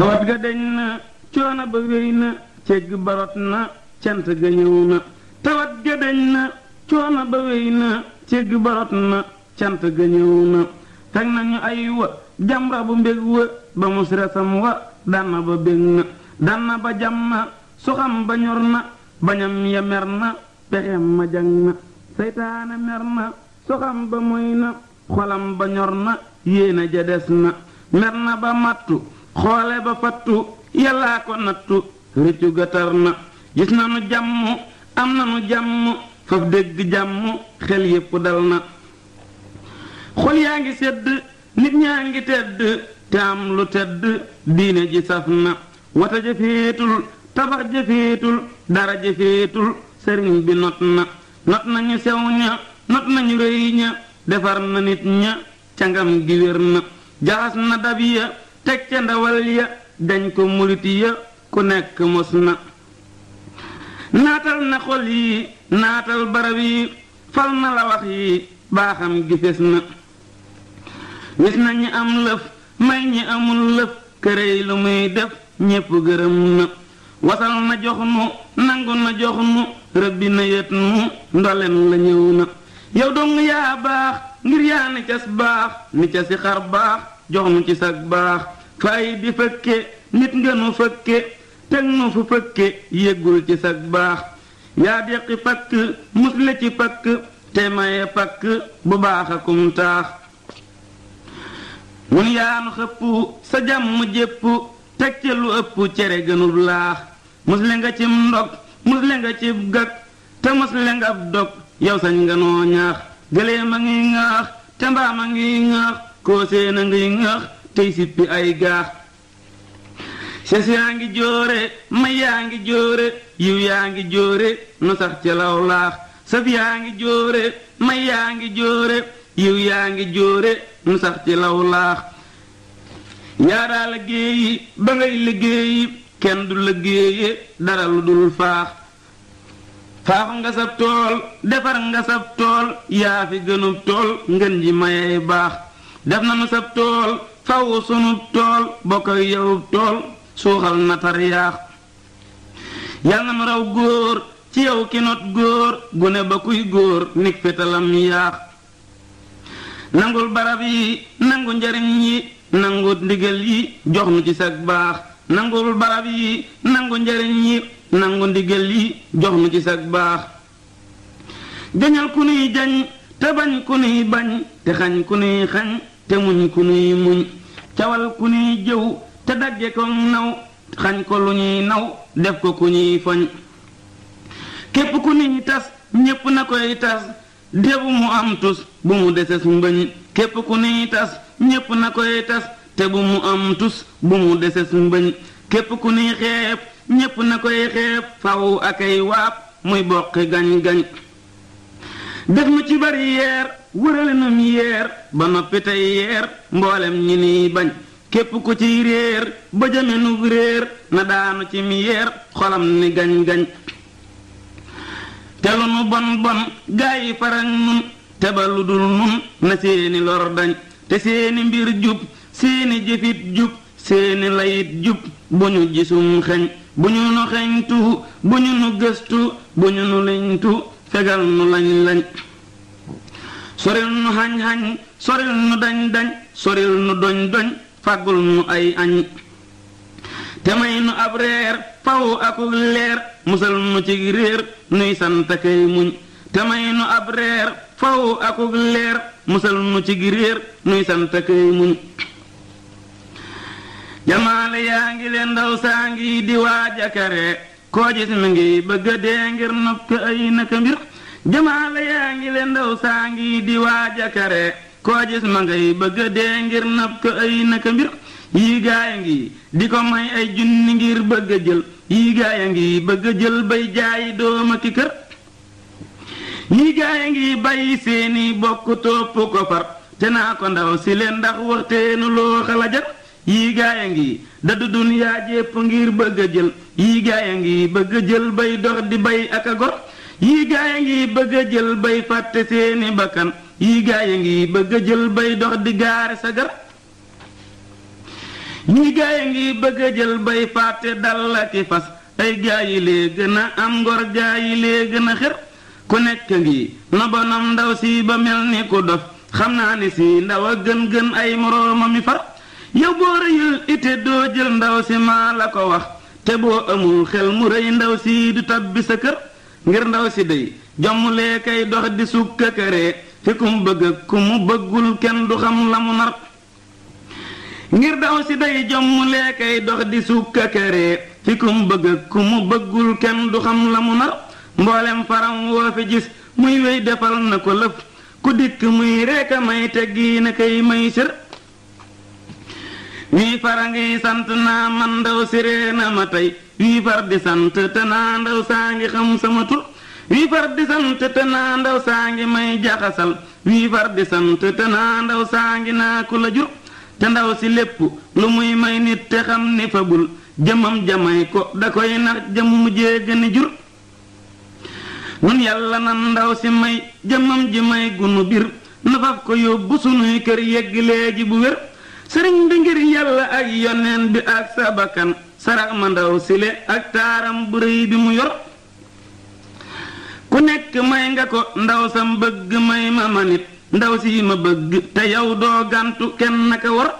tawat ga dañ na coono ba wéy na barot na cant ga ñëw na tawat ga dañ na ba wéy na barot na cant ga ñëw na teg nañu ay wa jamra bu mbég wa ba mus wa danna ba bég danna ba jam na ba ñor na bañam ya mer na pexem ma jang seytaane mer na ba moy na ba ñor na yéena ja ba mattu xoole ba fattu yàllaa ko nattu rëccu gatar na gis na nu jàmm am na nu jàmm faf dégg xel yépp dal na xol yaa ngi sedd nit ñaa ngi tedd te am lu tedd diine ji saf na wata jafeetul tabax jafeetul dara jafeetul sëriñ bi not na not nañu sew ña not nañu rëy ña defar na nit ña cangam gi na jaxas na dab ya teg ca ndawal ya dañ ko murit ya ku nekk mos na naatal na xol yi naatal barab yi fal na la wax yi baaxam gises na gis na ñi am lëf may ñi amul lëf kërey lu muy def ñépp gërëm na wasal na jox nu nangu na jox nu rëbbi na yët nu ndolen la ñëw na yow dong yaa baax ngir yaa ni cas baax ni casi xar baax jox nu ci sag baax fay di fëkke nit nga nu fëkke teg nu fu fëkke yëggul ci sag baax yaa deqi pakk musle ci pakk te maye pakk bu baax akum taax mun yaa nu xëpp sa jàmm jépp teg ca lu ëpp cere gënub laax le nga cim ndog musle nga cib gag te musle nga ab dog yow sañ nga noo gëléem a ngi ŋaax te mbaam a ngi ŋaax koo seen a ngay ŋax tey sippi ay gaax ses yaa ngi joore may yaa ngi joore yiw yaa ngi joore nu sax ca law laax saf yaa ngi joore may yaa ngi joore yiw yaa ngi joore nu sax ci law laax yaaraa liggéeyi ba ngay liggéeyi kenn du liggéeye dara lu dul faax faax nga sab tool defar nga sab tool yaa fi gënub tool ngën ji mayey baax def na nu sab tool faw sunub tool bokk yowub tool suuxal na tariyaax yal na nu raw góor ci yow ki not góor gune ba kuy góor nig fetalam yaax nangul barab yi nangu njariñ yi nangu ndigal yi jox nu ci sag baax nangul barab yi nangu njariñ yi nangu ndigal yi jox nu ci sag baax jañal ku nuy jañ te bañ ku nuy bañ te xañ ku nuy xañ te muñ ku nuy muñ cawal ku nuy jëw te dagge ko naw xañ ko lu ñuy naw def ko ku ñuy foñ képp ku nuy tas ñépp na koy tas débu mu am tus bu mu deses tas ñépp na koy tas te bu mu am tus bu mu deses mbëñ képp ku nuy xeeb ñépp na koy xeeb faw akay waab muy boqi gañ gañ def nu ci bari yeer wërale nun yeer ba noppi tey yeer mboolem ñi niy bañ képp ko ciy réer ba jëme nu réer na daanu ci mi yeer xolam ni gañ-gañ te lu nu bon bon gaa farag nun te ba lu dul nun na seeni lor dañ te seeni mbir jub seeni jëfit jub seeni layit jub bu ñu gisum xeñ bu ñu nu xeñtu bu ñu nu gëstu bu ñu nu liñtu fegal nu lañ lañ nu xañ xañ nu dañ dañ soril nu doñ doñ fàggul nu ay añ te nu ab reer faw akuk leer musal nu ci réer nuy sant kay muñ te nu ab reer faw akuk musal nu ci nuy sant muñ jamaale yaa ngi leen ndaw saa di waaja kare koo gis mi ngi bëgg a dee ngir nopp ko ay naka mbir jamaala yaa ngi leen ndaw saa ngi di waaj kare koo ma ngay bëgg a dee ngir nopp ko ay naka mbir yii gaaya ngi di ko may ay junni ngir bëgg a jël yii gaaya ngi bëgg a jël bay jaayi dooma ki kër yii gaaya ngi bàyyi seeni bokk topp ko te naa ko ndaw si leen ndax waxteenu loo xalajar yii gaaya ngi dadu dunyaa jépp ngir bëgg a jël yii gaaya ngi bëgg jël bay dox di bay ak a gor yii gaaya ngi bëgg a jël bay fàtte seeni bakkan yii gaaya ngi bëgg a ngi bëgg a jël bay fàtte dal ak i fas ay gaa yi lee gën a am ngor gaa yi lee gën a xër ku nekk ngi nobanam ndaw si ba mel ni ku dof xam naa ni si ndaw a gën gën ay moroomam mi far yow boo rëyul ite doo jël ndaw si maa la ko wax te boo amul xel mu rëy ndaw si du tàbbi sa kër ngir ndaw si day jomm lee kay dox di sukka këree ngir ndaw si day jomm këree fi ku bëgg ak bëggul kenn du xam la mu nar mboolem faram woo fi gis muy wéy defal na ko lëf ku dikk muy reeka may teggi na kay may sër wii fara ngi sant naa man ndaw siree na ma tey wii far di sant te naa ndaw saa ngi xam sama tur wii far di sant te naa ndaw saa ngi naa ku la jur te ndaw si lépp lu muy may nit te xam ni fabul jëmam jamay ko da koy nax jëm mujjee gëni jur nun yàlla nan ndaw si may jëmam ji may gunu bir nafaf ko yóbbu sunuy kër yegg léegi bu wér sëriñ bi ngir yàlla ak yoneen bi ak sabakan sarax ma ndaw sile ak taaram bu bi mu yor ku nekk may nga ko ndaw sam bëgg may ma nit ndaw si ma bëgg te yow doo gàntu kenn naka war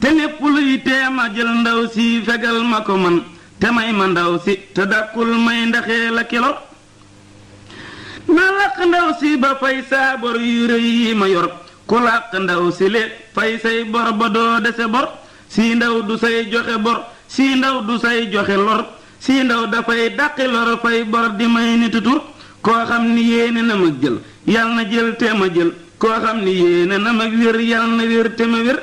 te lépp luy teema jël ndaw si fegal ma ko man te may ma ndaw si te dàkkul may ndaxee la kilor na laq ndaw si ba fay saabar yu rëy yi ma yor ku làq ndaw si le fay say bor ba doo dese bor si ndaw du say joxe bor si ndaw du say joxe lor si ndaw dafay dàqi lor fay bor di may nit koo xam ni yéene na ma jël yal na jël te ma jël koo xam ni yéene na ma wér yal na wér te ma wér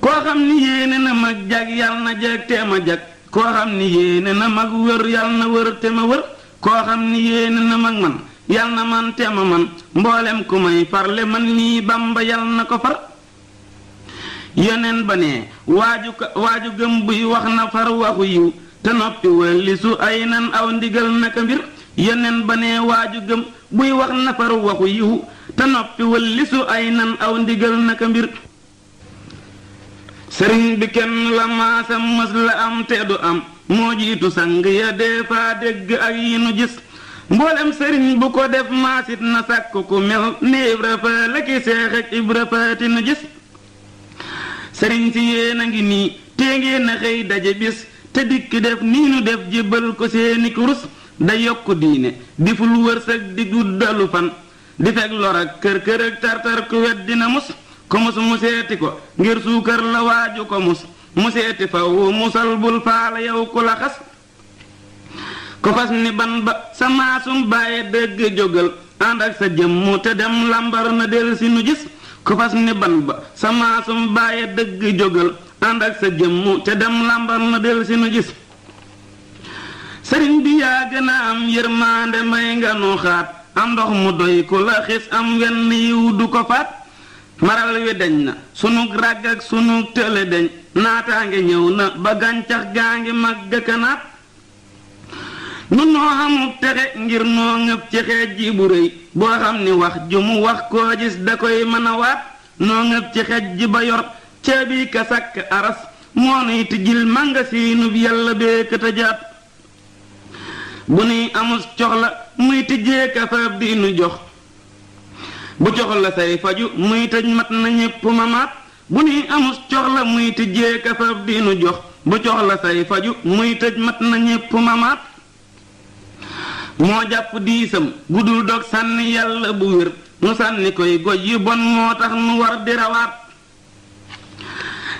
koo na mag jag yal na jag te ma jag koo xam ni yéene na mag wër yal na wër te ma wër koo xam ni yéene na mag man yal na man te ma man mboolem ku may farle man nii bamba yal na ko far yoneen ba ne waaju waaju gëm buy wax na waxu yiw te noppi lisu ay nan aw ndigal naka mbir yoneen ba ne sëriñ bi kenn la maasam mës la am te du am moo jiitu sang ya dee faa dégg ak yi nu gis mboolem sëriñ bu ko def maasit na sàkk ko mel ni Ibra Faal la seex ak Ibra Faati nu gis sëriñ si yéen a ngi nii tee ngeen xëy daje bis te dikk def nii nu def jébbal ko seeni kurus da yokk diine di ful wërsëg di guddalu fan di fekk lor ak kër kër ak tartar ku wet dina mus ko mus mu seeti ko ngir suukar la waaju ko mus mu seeti faw musal bul faala yow ku la xas ku fas ni ban ba sa maasum bàyyi dëgg jógal ànd ak sa jëmm te dem lambar na del si nu gis sëriñ bi yaa gën a am yërmaande may nga nu xaat am ndox mu doy ku la xis am wenn yiw du ko faat maral wi deñ na sunug ràgg ak sunug tële deñ naataange ñëw na ba gàncax gaa ngi mag gëkkanaat nun noo xamub texe ngir noo ngëb ci xeej ji bu réy boo xam ni wax ju mu wax koo gis da koy mën a waat noo ngëb ci xeej ba yor caabi ka sàkk aras moo nuy tijjil màngasiinub yàlla béekata jaat bu nuy amus coxla muy tijjee kafaab di nu jox bu coxla say faju muy tëj mat na ñépp mamaat bu nuy amus coxla muy tijjee kafaab di nu jox bu coxla say faju muy tëj mat na ñépp mamaat moo jàpp diisam bu dul dog sànni yàlla bu wér nu sànni koy goj yu bon moo tax nu war di rawaat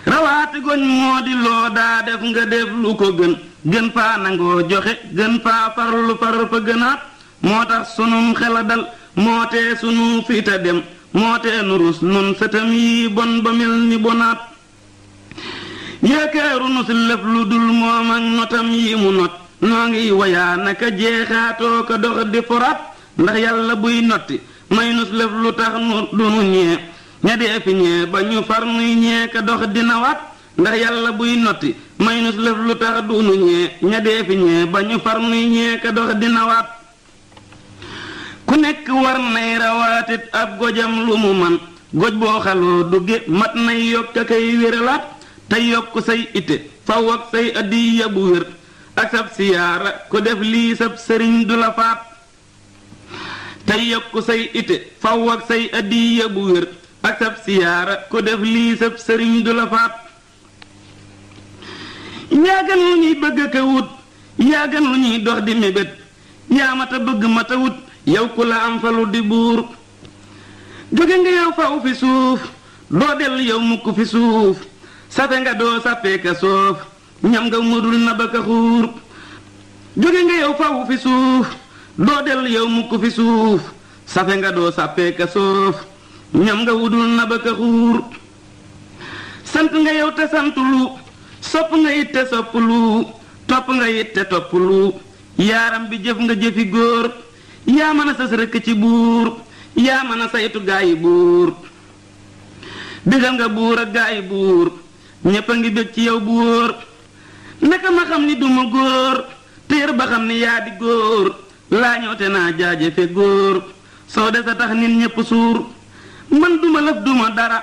rawaati goñ moo di loo daa def nga def lu ko gën gën faa nangoo joxe gën faa farlu far fa gënaat moo tax sunum xela dal moo tee sunu fiita dem moo tee nu rus sëtam yi bon ba mel ni bonaat yéekeeru nu si lëf lu dul moom ak notam yi mu not noo ngi woyaa naka jeexaatoo ko dox di forat ndax yàlla buy notti may nus lëf lu tax nu ñee ña dee fi di nawaat notti may nus lëf lu tax dunu ñee ba ñu far nuy ñee ka dox di nawaat ku nekk war nay rawaatit ab gojam lu mu man goj boo xaloo dugge mat nay yokk a kay wéralaat te yokk say ite faw ak say addiya bu wér ak sab siyaara ku def lii sab sëriñ du la faat tey yokku say ite faw ak say addiya bu wér ak sab siyaara ku def lii sab sëriñ du la faat yaa gën ñuy bëgg ka wut yaa gën ñuy dox di mébét yaa mata bëgg mata wut yow ku la am falu di buur jóge nga yow faw fi suuf doo dellu yow mukk fi suuf safe nga doo safee ka soof ñam nga mudul na baka xuur jóge nga yow faw fi suuf doo del yow mukk fi suuf safe nga doo sàppeeka soof ñam nga wudul na xuur sant nga yow te sant lu sopp nga it te sopp lu topp nga it te topp lu yaaram bi jëf nga jëfi góor yaa mën a sës rëkk ci buur yaa mën a saytu gaayi buur bégal nga buur ak gaayi buur ñépp ngi bég ci yow buur naka ma xam ni duma góor téer ba xam ni yaa góor laa te naa jaajëfe góor soo des a tax nit ñépp suur man duma lëf duma dara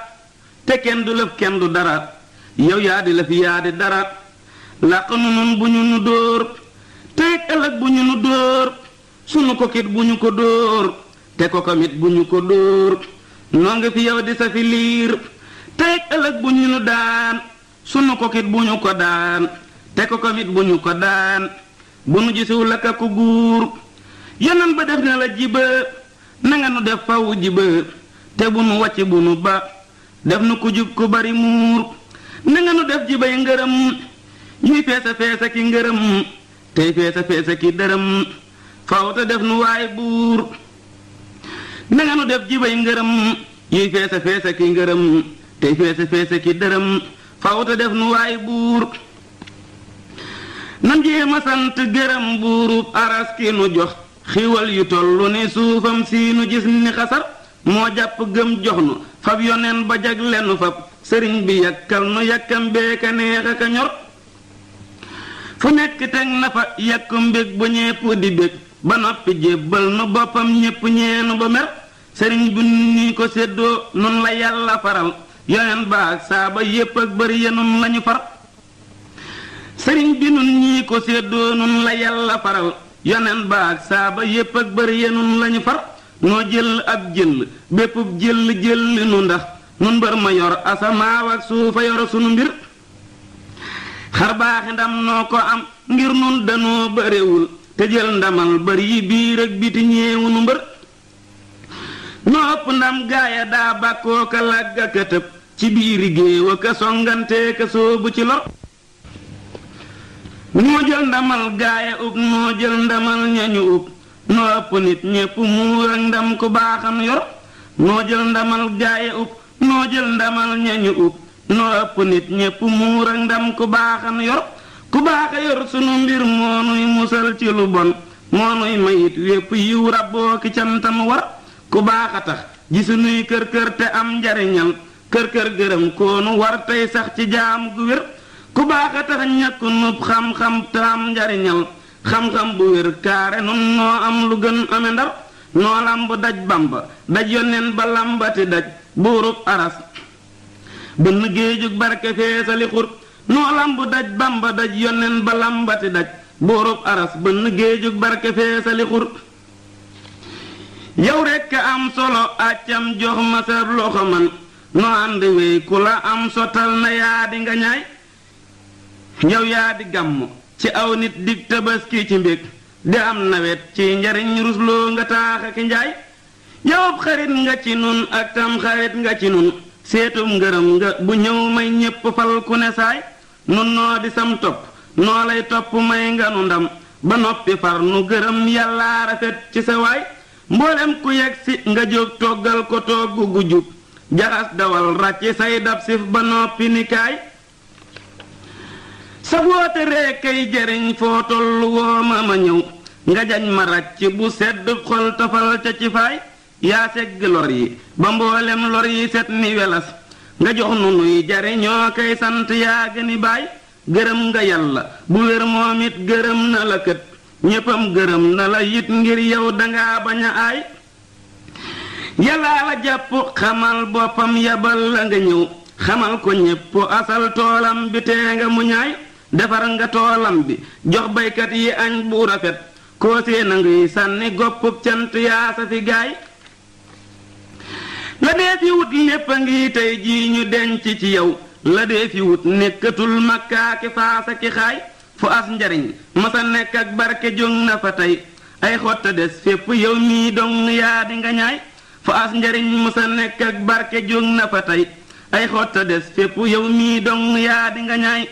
te kenn du lëf kenn du dara yow yaa di lëf yaa dara làq nu bu ñu nu dóor tey ëllëg bu ñu nu dóor sunu kokit bu ñu ko dóor te kokomit bu ñu ko dóor noo fi yow di sa fi liir tey ëllëg bu ñu nu daan sunu kokit bu ñu ko daan te ko komit bu ñu ko daan bu nu gisul ak ku guur yonan ba def na la jiba na nu def faw jiba te bu nu wàcc bu nu ba def nu ku ku bari muur na nu def jibay ngërëm ñuy feesa feesa ki ngërëm tey feesa feesa ki dërëm faw te def nu waay buur na nga nu def jibay ngërëm ñuy feesa feesa ki ngërëm tey feesa feesa ki dërëm faw te def nu waay buur nan jéema sant gërëm buurub aras ki nu jox xiwal yu toll ni suufam si nu gis ni xasar moo jàpp gëm jox nu fab yoneen ba jag lenu fab sëriñ bi yàkkal nu yàkkam beeka neex ak a ñor fu nekk teg na fa yàkku mbég bu ñépp di bég ba noppi jébbal nu boppam ñépp ñeenu ba mer sëriñ bi ni ko séddoo nun la yàlla faral yoneen ba saaba yépp ak bëri yenun lañu far sëriñ bi nun ñii ko séddoo nun la yàlla faral yonen ba ak saaba yépp ak bër yenun lañu far noo jël ab jël bépp jël jëlli nu ndax nun mbër ma yor asamaaw ak suufa yor sunu mbir xar baaxi ndam noo ko am ngir nun danoo bërewul te jël ndamal bër yi biir ak biti ñeewu nu mbër noo ëpp ndam gaaya daa bàkkoo ka làgg ka tëb ci biiri géew a ka soobu ci lor moo jël ndamal gaaya ub noo jël ndamal ñañu ub noo ëpp nit ñépp muur ak ndam ku baaxam yor noo jël ndamal gaaya ub noo jël ndamal ñañu ub noo ëpp nit ñépp muur ak ndam ku baaxam yor ku baaxa yor sunu mbir moo nuy musal ci lu bon moo nuy mayit wépp yiw rabboo ki cantam war ku baaxa tax ji sunuy kër kër te am njariñal kër kër gërëm koonu war tey sax ci jaamu gu wér ku baax a tax ñàkku nub xam-xam taam njariñal xam-xam bu wér kaare nun noo am lu gën ame ndar noo làmb daj bamba daj yonneen ba làmbati daj buurub aras bënn géejug barke feesali xur yow rekk am solo accam jox ma sa loxo man noo ànd wéy ku la am sotal na yaa di nga ñaay yow yaa di gàmmu ci aw nit di tabaski ci mbég di am nawet ci njariñ rusloo nga taax ak njaay yow xarit nga ci nun ak tam xarit nga ci nun seetum ngërëm bu ñëw may ñépp fal ku ne saay nun noo di sam topp noo lay topp may nga ndam ba noppi far nu gërëm yàlla rafet ci sa waay mboolem ku yegg ci nga jóg toggal ko togg gu jub jaxas dawal ràcc say dab ba noppi nikaay sa woote reekay jëriñ foo toll wooma ma ñëw nga jañ ma ràcc bu sedd xol tofal ca ci faay yaa segg lor yi ba mboolem lor yi set ni welas nga jox nu nuy jariñoo koy sant yaa gëni baay gërëm nga yàlla bu wér moom it gërëm na la kët ñéppam gërëm na la it ngir yow danga bañ a aay yàllaa la jàpp xamal boppam yabal la nga ñëw xamal ko ñépp asal toolam bi tee nga mu ñaay defar nga toolam bi jox baykat yi añ bu rafet koosee na ngiy sànni goppub cant yaa sa fi gaay la dee fi wut lépp a ngi tey jii ñu denc ci yow la dee fi wut nekkatul makkaaki faasa ki xaay fu as njariñ masa nekk ak barke jóg na fa tey ay xotta des fépp yow mii dong yaa di nga ñaay fu as njariñ masa nekk ak barke jóg na fa tey ay xotta des fépp yow mii dong yaa di ñaay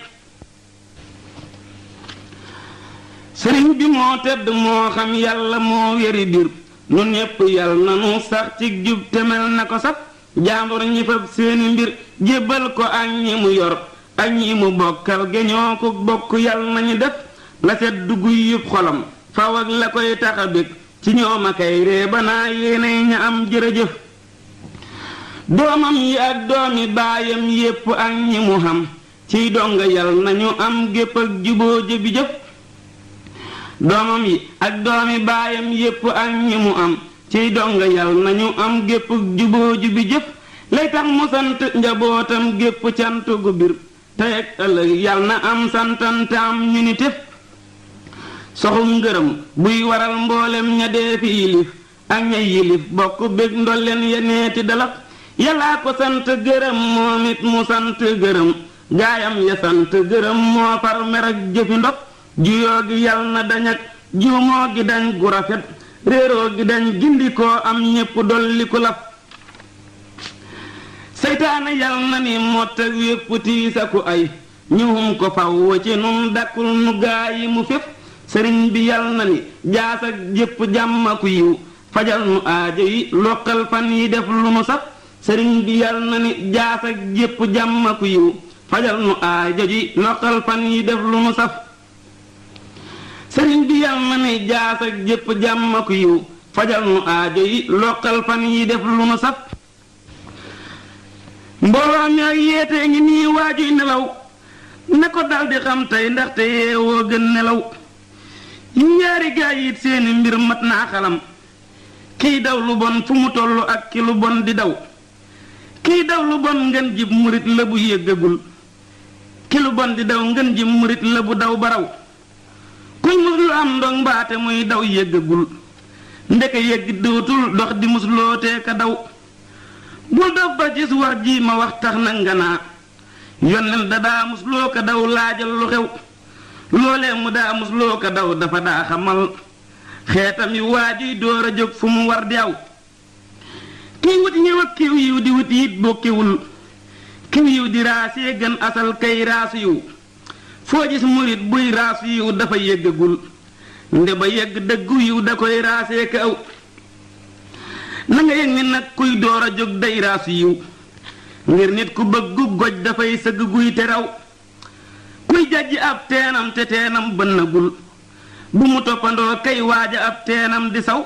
sëriñ bi moo tedd moo xam yàlla moo wéri bir nu ñépp yàlla na nu sax ci jub temel na ko sax jaambur ñi fab seeni mbir jébbal ko ak ñi mu yor ak ñi mu bokkal geñoo ko bokk yàlla nañu def la set duggu yëpp xolam faw ak la koy tax a bég ci ñoom a kay ree ba naa yéene ña am jërëjëf doomam yi ak doomi baayam yépp ak ñi mu xam ciy donga yàlla nañu am gépp ak juboo jëbi jëf doomam yi ak doomi baayam yépp ak ñi mu am ciy donga yal nañu am gépp juboo jubi jëf lay tax mu sant njabootam gépp cant gu bir tey ak ëllëg yal na am santante am ñu ni tëf soxum ngërëm buy waral mboolem ña dee fi yilif ak ña yilif bokk bég ndolleen yeneeti dalak yàllaa ko sant gërëm moom it mu sant gërëm gaayam ya sant gërëm moo far mer ak jëfi ndog juyoo gi yal na dañ ak juumoo gi dañ gu rafet réeroo gi dañ gindikoo am ñépp dolli ku laf seytaane yal na ni motta wépp tiisaku ay ñëwum ko faw ci nun dakkul nu gaa yi mu fépp sëriñ bi yal na ni jaas ak jëpp jàmm aku yiw fajal nu aajo yi loqal fan yi def lu nu saf sëriñ bi yal na ni jaas ak jëpp jàmm yiw fajal nu aajo yi loqal fan yi def lu nu saf sëriñ bi yal na ni jaas ak jëpp jàmm ak yiw fajal nu aajo yi lokkal fan yi def lu nu saf mbooloo mi ak yeetee ngi nii waajuy nelaw na ko daldi xam tey ndaxte yeewoo gën nelaw yi ñaari gaay yit seeni mbir mat naa xalam kiy daw lu bon fu mu toll ak ki lu bon di daw kiy daw lu bon ngeen jib murit la bu yëggagul ki lu bon di daw ngeen jib murit la bu daw baraw kuñ musul am ndong mbaate muy daw yëggagul ndeke yëgg dootul dox di musuloote ka daw bul daf ba gis wax ji ma wax tax na nganaa yonent da daa musuloo ka daw laajal lu xew loolee mu daa musuloo ka daw dafa daa xeetam yu waajuy door a jóg fu mu war di aw kiy wut ñëw ak di wut yit bokkiwul kiw di raasee gën asal kay raasu yiw foo gis murit buy raas dafa yëggagul nde ba yegg dëggu yiw da koy raasee ka aw na yëg ni nag kuy door a jóg day raas yiw ngir nit ku bëggu goj dafay sëgg guy te raw kuy jajji ab teenam te teenam bënnagul bu mu toppandoo kay waaja ab teenam di saw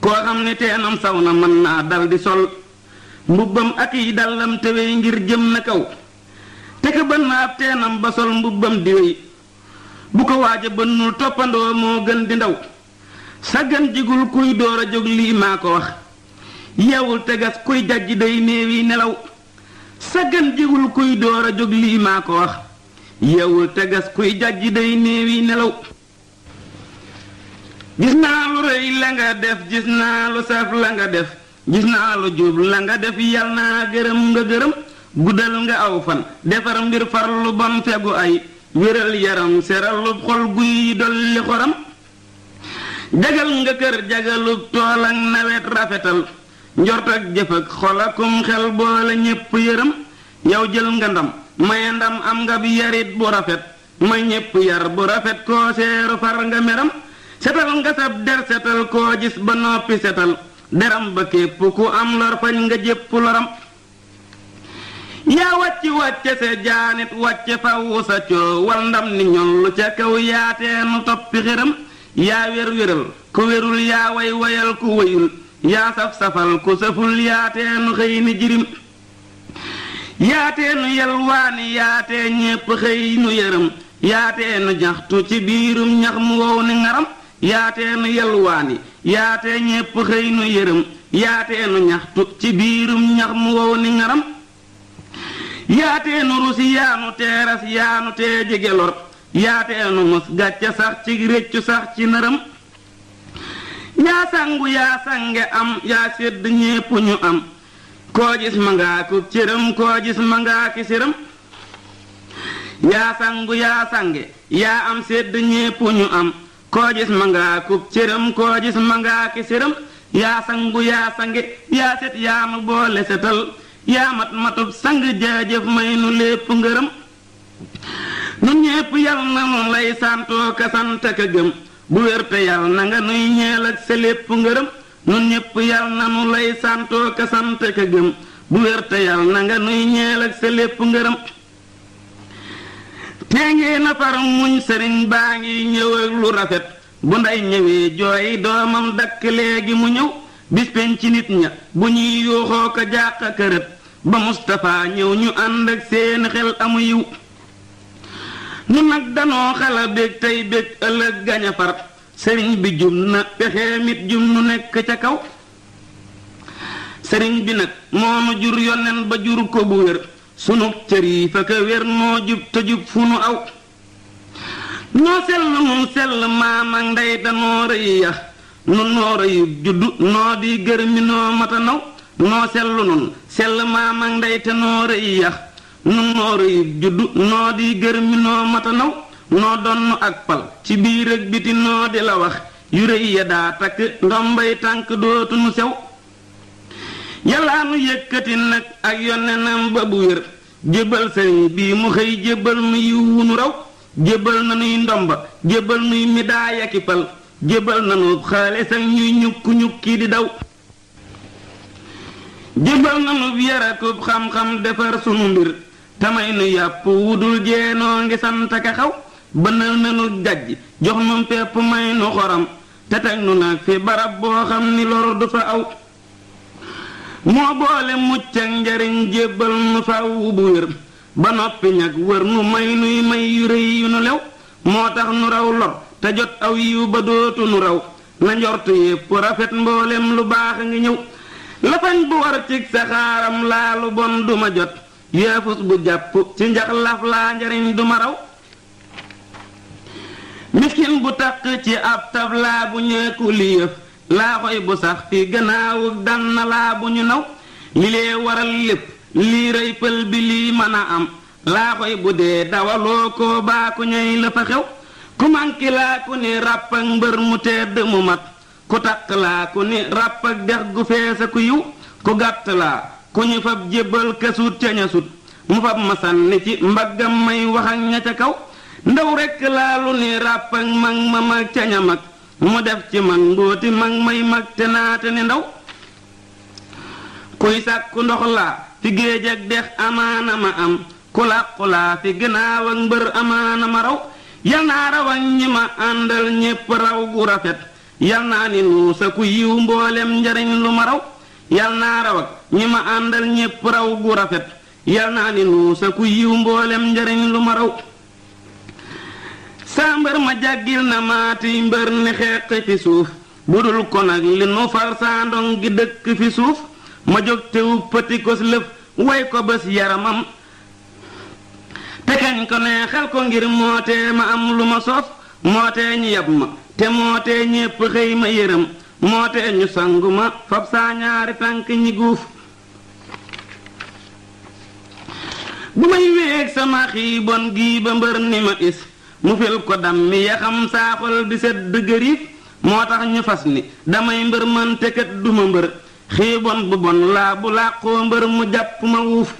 koo xam ne teenam saw na mën naa dal sol mbubbam ak yi dallam tewe ngir jëm na kaw teke bën na teenam ba sol mbubbam di wéy bu ko waaja bënnul toppandoo moo gën di ndaw saggan jigul kuy door a jóg lii maa ko wax yeewul tegas kuy jajj day néewi nelaw kuy door jóg lii ko wax yeewul tegas kuy jajj day néewi nelaw gis naa lu rëy la nga def gis naa lu saf la nga def gis naa lu jub la nga def yal naa gërëm nga gërëm guddal nga aw fan defar mbir farlu bon fegu ay wéral yaram seralub xol guy dolli xoram jagal nga kër jagalub tool ak nawet rafetal njort ak jëf ak xol akum xel boole ñépp yëram yow jël nga ndam maye ndam am nga yarit bu rafet may ñépp yar bu rafet koo seeru far nga meram setal nga sab der setal koo gis ba noppi setal deram ba képp ku am lor fañ nga jépp loram yaa wàcc wàcce se jaanit wàcce faw sa coo wal ndam ni ñol ca kaw yaateenu toppi xiram yaa wér ku wérul yaa way ku wéyul yaa saf ku saful yaateenu xëy ni jirim yaateenu yelwaani yaatee ñépp xëy nu yaram yaateenu ñaxtu ci biirum ñax mu wow ni ngaram yaateenu yelwaani yaatee ñépp xëy nu yaram yaateenu ñaxtu ci biirum ñax mu wow ni ngaram yaatee nu rus yaanu tee ras yaanu tee jege lor yaatee nu mus sax ci réccu sax ci nërëm yaa sangu yaa sange am yaa sedd ñépp ñu am koo gis ma ngaa ku cëram yaa sangu yaa sange yaa am sedd ñépp ñu am koo gis ma ngaa ku cëram yaa sangu yaa sange yaa set yaa nu boole setal yaa mat matub sang jaajëf may nu lépp ngërëm nu ñépp yal na nu lay santoo ka sant ka gëm bu wér na nga nuy ñeel ak sa lépp ngërëm nu ñépp yal na nu lay santoo ka ka gëm bu wér na nga nuy ñeel ak sa lépp ngërëm teengi na far muñ sëriñ baa ngi ñëw ak lu rafet bu nday ñëwee jooyi doomam dakk léegi mu ñëw bis ci nit ña bu ñuy yuuxoo ko jàq kërët ba Mustapha ñëw ñu ànd ak seen xel amu yiw nu nag danoo xala bég tey bég ëllëg gaña far sëriñ bi jum na pexee mit nu nekk ca kaw sëriñ bi nag moonu jur yonen ba jur ko bu wér sunu cër fa ka wér noo jub te jub fu nu aw noo sell mun sell maam ak ndey danoo rëy ya nun noo juddu noo di gërëmi noo mata naw noo sellu nun sell maam ak ndey te noo rëy yax nun noo juddu noo di gërëmi noo mata naw noo donn ak pal ci biir ak biti noo di la wax yu rëy ya daa takk ndombay tànk dootu nu sew yàllaa nu yëkkati nag ak yonenam ba bu wér jébbal sëriñ bii mu xëy jébbal yiwu nu raw jébbal na nuy ndomba jébbal nuy midaayaki pal jébal nanu xaalis ak ñuy ñukku ñukki di daw jébal nanu yaratub xam-xam defar sunu mbir tamay nu yàpp wudul jeenoo ngi sant ka xaw bënal nanu gàjj jox nu pepp may nu xoram te teg nu nag fi barab boo xam ni lor du fa aw moo boole mucc ak njariñ jébbal nu fàww bu wér ba noppi ñag wër nu may nuy may yu rëy yu nu lew moo tax nu raw lor te jot aw yiw ba dootu nu raw na njort yépp rafet mboolem lu baax a ngi ñëw lafañ bu war cig saxaaram laa lu bon duma jot yeefus bu jàpp ci njax laf laa njariñ duma raw miskin bu takk ci ab tab laa bu ñeeku li yëf laa xoy bu sax fi gannaawu dann laa bu ñu naw li lee waral lépp lii pël bi li mën a am laa xoy bu dee dawaloo ko baa ku ñey la fa xew ku manki laa ku ni ràpp ak mbër mu tedd mu mat ku takk laa ku ni ràpp ak dex gu feesa ku yiw ku gàtt laa ku ñu fab jébbal kasut ca ña mu fab ma sànni ci mbaggam may wax ca kaw ndaw rekk laa lu ni ràpp ak mag ma mag ca ña mag mu def ci man mbóoti mag may mag te naate ni ndaw kuy sàkku ndox laa fi géej ak dex amaana ma am ku làqu laa fi gannaaw ak mbër amaana ma raw yal naa raw ak ñi ma àndal ñépp raw gu rafet yal naa ni nuusa ku yiw mboolem njariñ lu ma raw yal naa raw ñi ma àndal ñépp raw gu rafet yal naa ni nuusa ku yiw mboolem njariñ lu ma raw saa mbër ma jàggil na maati mbër ni xeeq fi suuf bu dul ko nag li nu far saa ndong gi dëkk fi suuf ma jóg te wuppati kos lëf way ko bés yaramam te kañ ko neexal ko ngir moo tee ma am lu ma sof moo tee ñu yab ma te moo tee ñépp xëy ma yërëm moo tee ñu sangu ma fab saa ñaari tànk ñi guuf bu may wéeg sama xiibon gii ba mbër ni ma is mu fil ko dammi yaxam saaxol bi sedd gëriif moo tax ñu fas ni damay mbër man te kat duma mbër xiibon bu bon laa bu làqoo mbër mu jàpp ma wuuf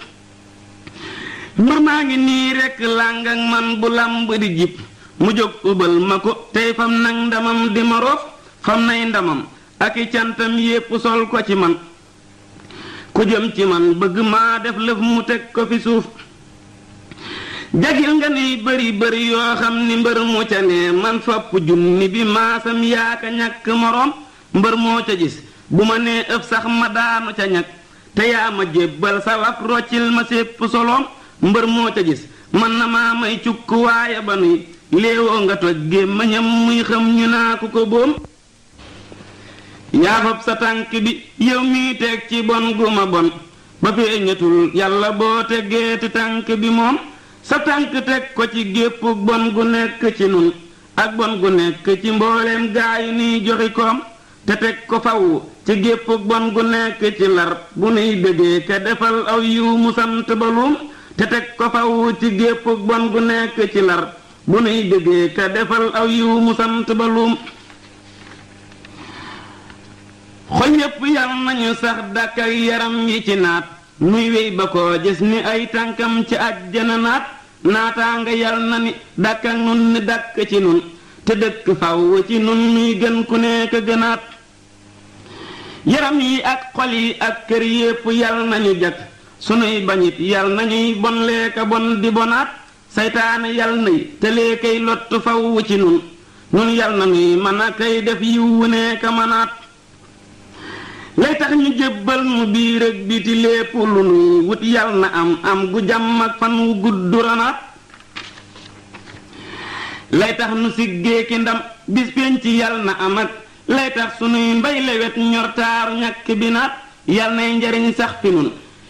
mbër maa ngi nii rekk làng ak man bu làmb di jib mu jóg ubal ma ko tey fam nag ndamam di ma rof fam nay ndamam ak i cantam yépp sol ko ci man ku jëm ci man bëgg maa def lëf mu teg ko fi suuf jagil nga ni bëri bëri yoo xam ni mbër mu ca ne man fopp junni bi maasam yaaka ñàkk moroom mbër moo ca gis bu ma nee ëf sax ma daanu ca ñàkk te yaa ma jébbal sawab roccil ma sépp soloom mbër moo ca gis mën na maa may cukk waaye ba nuy léewoo nga toj gémmañam muy xam ñu naa ku ko boom yaa sa tànk bi yow mii teg ci bon gu ma bon ba feeñatul yàlla boo teggeeti tànk bi moom sa tànk teg ko ci gépp bon gu nekk ci nun ak bon gu nekk ci mbooleem gaayu niy joxi koom te teg ko faw ci gépp bon gu nekk ci lar bu nuy bëggee ka defal aw yiw mu sant ba luum te teg ko faw ci gépp bon gu nekk ci lar bu nuy jógee ka defal aw musant mu sant ba luum xol yépp yal nañu sax dàkk ak yaram yi ci naat muy wéy ba ko gis ni ay tànkam ci àjjana naat naataanga yal na ni dàkk ak nun ni dàkk ci nun te dëkk faw ci nun nuy gën ku nekk gënaat yaram yi ak xol yi ak kër yépp yal nañu jag sunuy bañit yal nañuy bon leeka bon di bonaat saytaane yal nay tëlee kay lottu faw ci nun nun yal nañuy mën a kay def yiw wu neeka manaat lay tax ñu jébbal mu biir ak biti lépp lu nuy wut yal na am am gu jàmm ak fan wu gudd ranaat lay tax nu siggee ki ndam bis penc yal na am ak lay tax sunuy mbay lewet ñor taaru ñàkk bi naat yal nay njariñ sax fi nun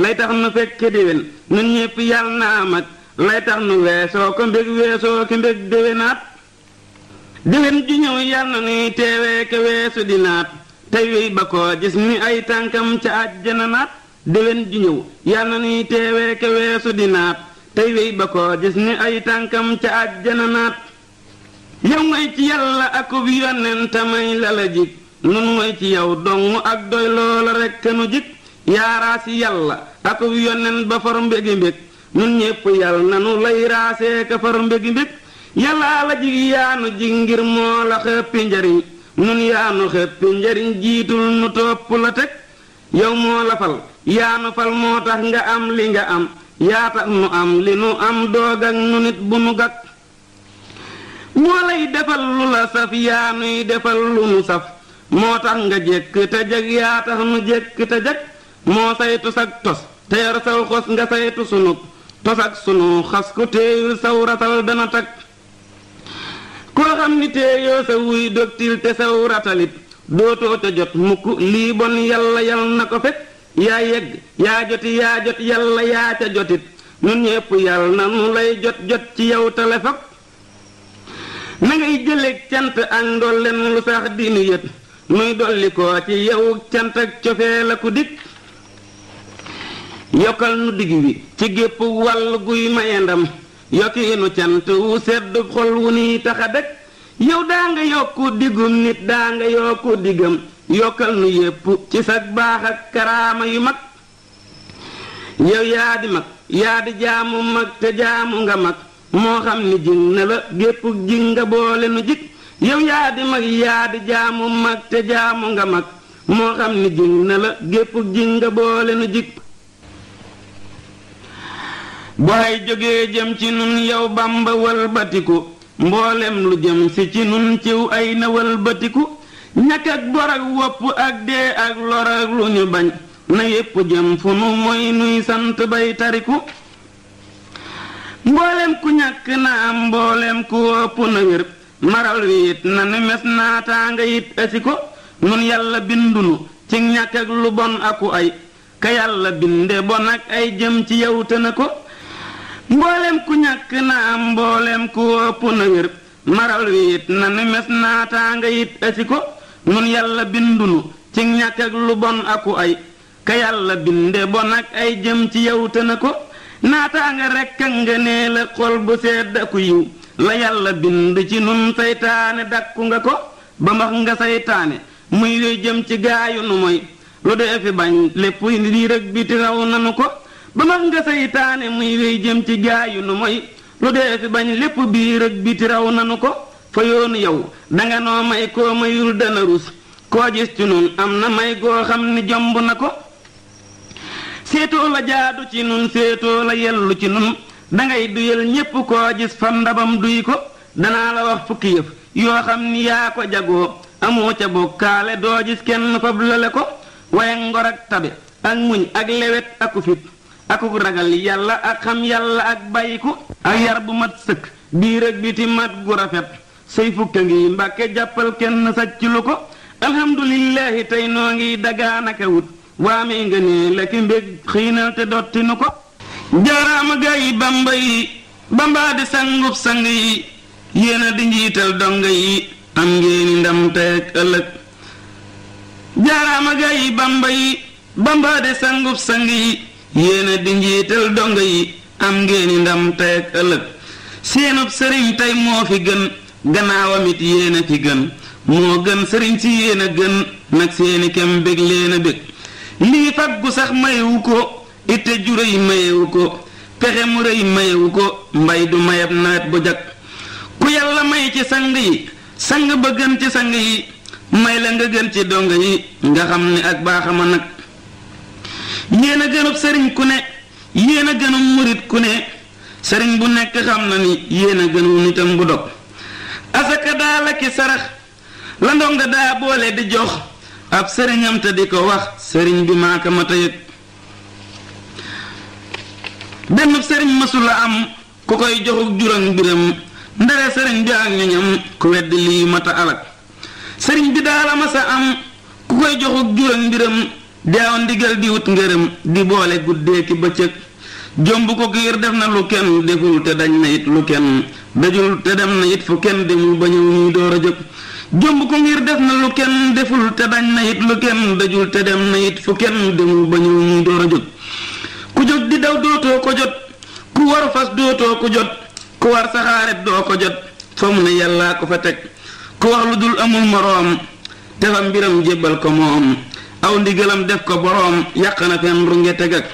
lay tax nu fekke déwén nun ñépp yàlla na amat lay tax nu weesoo ko mbég weesoo ko mbég déwénaat déwén ju ñëw yàlla na nuy teewee ka weesu di naat tey wey ba koo gis ni ay tànkam ca àjjana naat déwén ju ñëw yàlla na nuy teewee ka ni ay tànkam ngay ci yàlla akub yonent tamay la la jig nun mooy ci yow dong ak doy loola rekk nu jig yaaraasi yàlla ak yonen ba far mbégi mbég ñun ñépp yal nanu lay raasee ka far mbégi mbég yàllaa la jig yaanu jig ngir moo la xëppi njariñ nun yaanu xëppi njariñ jiitul nu topp la teg yow moo la fal yaanu fal moo tax nga am li nga am yaatax nu am li nu am doog nu nit bu nu gag moo lay defal lu la saf yaanuy defal lu nu saf moo tax nga jekk te jag yaatax nu jekk te jag moo saytu sag tos te saw xos nga saytu sunu tos ak sunu xas ku téeyul saw ratal dana tag koo xam ni téeyoo sa wuy doktil te saw ratalit dootoo ca jot mukk lii bon yàlla yal na ko fekk yaa yegg yaa joti yaa jot yàlla yaa ca jotit nun ñépp yàlla na nu lay jot jot ci yow telefag na ngay cant ak ndolleen lu sax dinu yët muy dolli ko ci yow cant ak cofee la ku dikk yokkal nu digg wi ci gépp wàll guy maye ndam yokki nu cant wu sedd xol wu ni taxa dëkk yow daa nga yokku diggum nit daa nga yokku diggam yokkal nu yépp ci sag baax ak karaama yu mag yow yaa di mag yaa di jaamu mag te jaamu nga mag moo xam ni jing na la gépp jig yow yaa di mag na la gépp nga boole nu jig bu hay jógee jëm ci nun yow bàmba walbatiku mboolem lu jëm si ci nun ciw ay na walbatiku ñàkk ak wopp ak dee ak lor lu ñu bañ na yépp jëm fu nu mooy nuy sant bay tariku mboolem ku ñakk na am mboolem ku wopp na wér maral wi na nu mes naataanga it asi ko nun yàlla bindunu ci ñàkk lu bon aku ay ka yàlla binde bon ak ay jëm ci yow na ko mboolem ku ñàkk na am mboolem ku ëpp na wér maral wi it nanu mes naataanga it asi ko nun yàlla bindunu ci ñàkk ak lu bon aku ay ka yàlla binde bon ak ay jëm ci yow te na ko naataanga rekk ak nga nee la xol bu sedd aku yiw la yàlla bind ci nun saytaane dakku nga ko ba max nga saytaane muy luy jëm ci gaayu nu mooy lu dee fi bañ lépp lii rek biti raw nanu ko ba mas nga seytaane muy wéy jëm ci gaayu nu mooy lu dee fi bañ lépp biir ak biti raw nanu ko fa yoonu yow danga noo may koo mayul dana rus koo gis ci nun am na may goo xam ni jomb na ko séetoo la jaadu ci nun séetoo la yellu ci nun dangay duyal ñépp koo gis fa ndabam duy ko danaa la wax fukki yëf yoo xam ni yaa ko jagoo amoo ca bokkaale doo gis kenn fab lale ko waaye ngor ak tabe ak muñ ak lewet aku fit akuk ragal yàlla ak xam yàlla ak bàyyiku ak yar bu mat sëkk biir ak biti mat gu rafet say fukka ngi mbàkke jàppal kenn sàcc lu ko alhamdulillahi tey noo ngi dagaanaka wut waamee nga ne la ki xiinal te dotti nu ko jaaraama gaa yi bamba yi sang yi yéena di njiital donga yi am ngeeni ndam tey ëllëg yéena di njiital dongo yi am ngeeni ndam tey ak ëllëg seenub sëriñ tey moo fi gën gannaawam it yéen a fi gën moo gën sëriñ si yéen a gën nag seeni kem bég leen a bég lii gu sax mayewu ko te ju rëy mayewu ko pexe mu rëy mayewu ko mbay du mayab nawet bu jag ku yàlla may ci sang yi sang ba gën ci sang yi may la nga gën ci dong yi nga xam ni ak baaxama nag yéen a gënub sëriñ ku ne yéen a gënub murit ku ne sëriñ bu nekk xam na ni yéen a gënub nitam bu dog asaka daa la ki sarax la daa boole di jox ab sëriñam di ko wax sëriñ bi maaka ma tayëg benn sëriñ mësula am ku koy joxuk juróom biram ndare sëriñ bi ak ñoñam ku wedd lii mata alak sëriñ bi daa masa am ku koy joxuk juróom biram deewoon ndigal di wut ngërëm di boole guddee ki bëccëg jomb ko giir def na lu kenn deful te dañ na it lu kenn dajul te dem na it fu kenn demul ba ñëw ñuy door a jóg jomb ko ngir def na lu kenn deful te dañ na it lu kenn dajul te dem na it fu kenn demul ba ñëw ñuy door a jóg ku jóg di daw dootoo ko jot ku war fas dootoo ko jot ku war saxaaret doo ko jot fa mu ne yàllaa ko fa teg ku wax lu dul amul moroom te fa mbiram jébbal ko moom aw ndigalam def ko boroom yàq na fen runge teg ak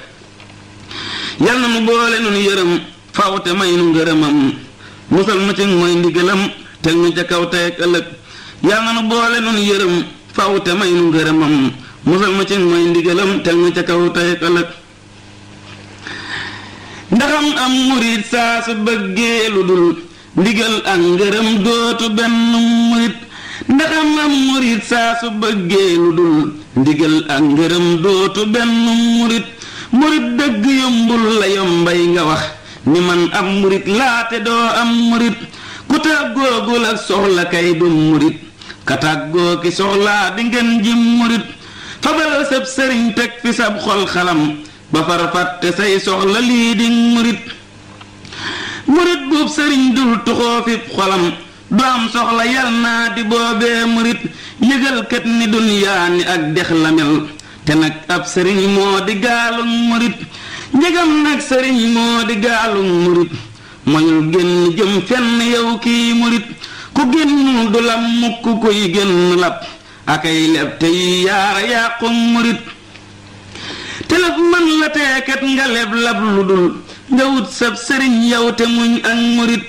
yal na mu boole nu yërëm faw te may nu ngërëmam musal nu ci mooy ndigalam teg nu ca kaw tey ak ëllëg yal na nu boole nu yërëm faw te may nu ngërëmam ci mooy ndigalam teg nu ca kaw tey ak ngërëm dootu benn murit ndax am murit saa su bëggee lu dul ndigal ak ngërëm dootu benn murit murit dëgg yombul la yombay nga wax ni man am murit laate doo am murit ku tàggoogul ak soxla kay du murit ka tàggoo ki soxlaa di ngeen ji murit fabal sab sëriñ teg fi sab xol xalam ba far fàtte say soxla lii di murit murit buub sëriñ dul tuxoo xolam du am soxla yal naa di boobee murit yëgal ni dunyaa ni ak dex la mel te nag ab sëriñ moo di gaalum murit njëgam nag sëriñ moo di gaalum murit moyul génn jëm fenn yow kii murit ku génn du lam mukk kuy génn lab akay leb tey yaara yàqum murit te lab man la teekat nga leb lab lu dul nga wut sëriñ yow te muñ ak murit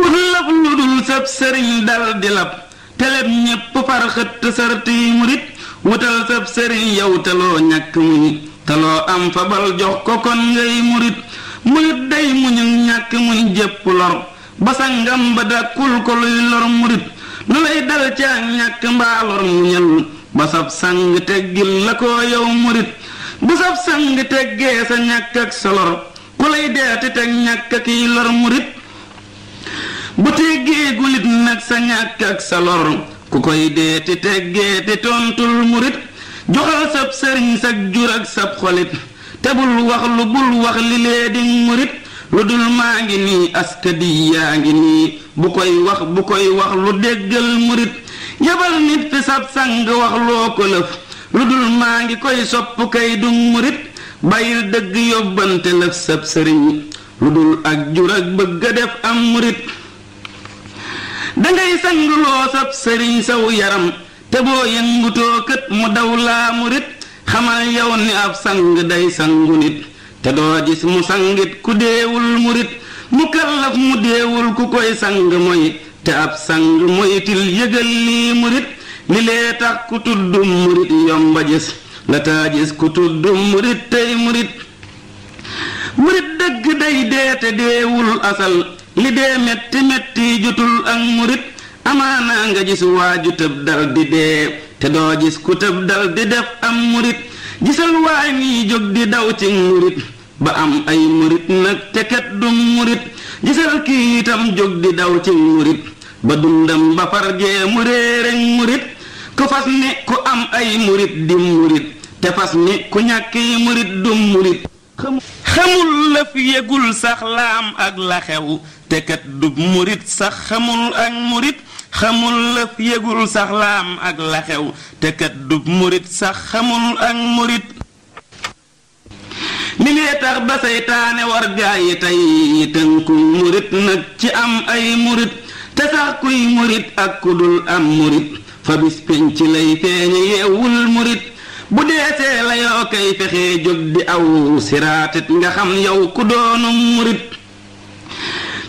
wut lëf lu dul sab sëriñ dal di lab teleb ñépp far xëtt sarti murit wutal sab sëriñ yow taloo ñàkk muñ taloo am fa jox ko kon ngay murit murit day muñu ñàkk muñ jépp lor ba sangam ba dàkkul ko luy lor murit lu lay dal ci ak ñàkk mbaa lor muñal ba sab sang teggil la ko yow murit bu sab sang teggee sa ñàkk ak sa lor ku lay deeti teg ñàkk ak yi lor murit bu teggee gulit nag sa ñàkk ak sa lor ku koy deeti teggee te tontul murit joxal sab sëriñ sag jur ak sab xolit te bul wax lu bul wax li murit lu dul maa ngi nii di yaa ngi nii bu koy wax bu koy wax lu déggal murit yabal nit fi sab sang wax ko lëf lu dul maa ngi koy sopp kay du murit bàyyil dëgg yóbbante lëf sab sëriñ lu dul ak jur ak bëgg a def am murit dangay sangloo sab sëriñ saw yaram te boo yëngutoo kët mu daw laa mu xamal yow ni ab sang day sangu nit te doo gis mu sangit ku deewul mu mu kallaf mu deewul ku koy sang moy te ab sang moytil yëgal lii mu rit lee tax ku tuddum mu yomba gis la taa ku tuddum mu tey mu rit dëgg day dee te deewul asal li dee metti metti jotul ak murit amaana nga gis waaju tëb dal dee te doo gis ku tëb dal def am murit gisal waay mi jóg di daw ci murit ba am ay murit nag te kat du murit gisal kii itam jóg di daw ci murit ba dundam ba farjee mu réere murit ku fas ni ku am ay murit di murit te fas ni ku ñàkk yi murit du murit xamul la fi yëgul sax laam ak la xew te kat du murit sax xamul ak murit xamul la fi yëgul sax laam ak la xew te kat du murit sax xamul ak murit mi ngee tax ba seytaane war gaa yi tey tënkuy murit nag ci am ay murit te sax kuy murit ak ku dul am murit fa bis penc lay feeñe yeewul murit bu deesee la yoo koy fexee jóg di aw siraatit nga xam yow ku doonum murit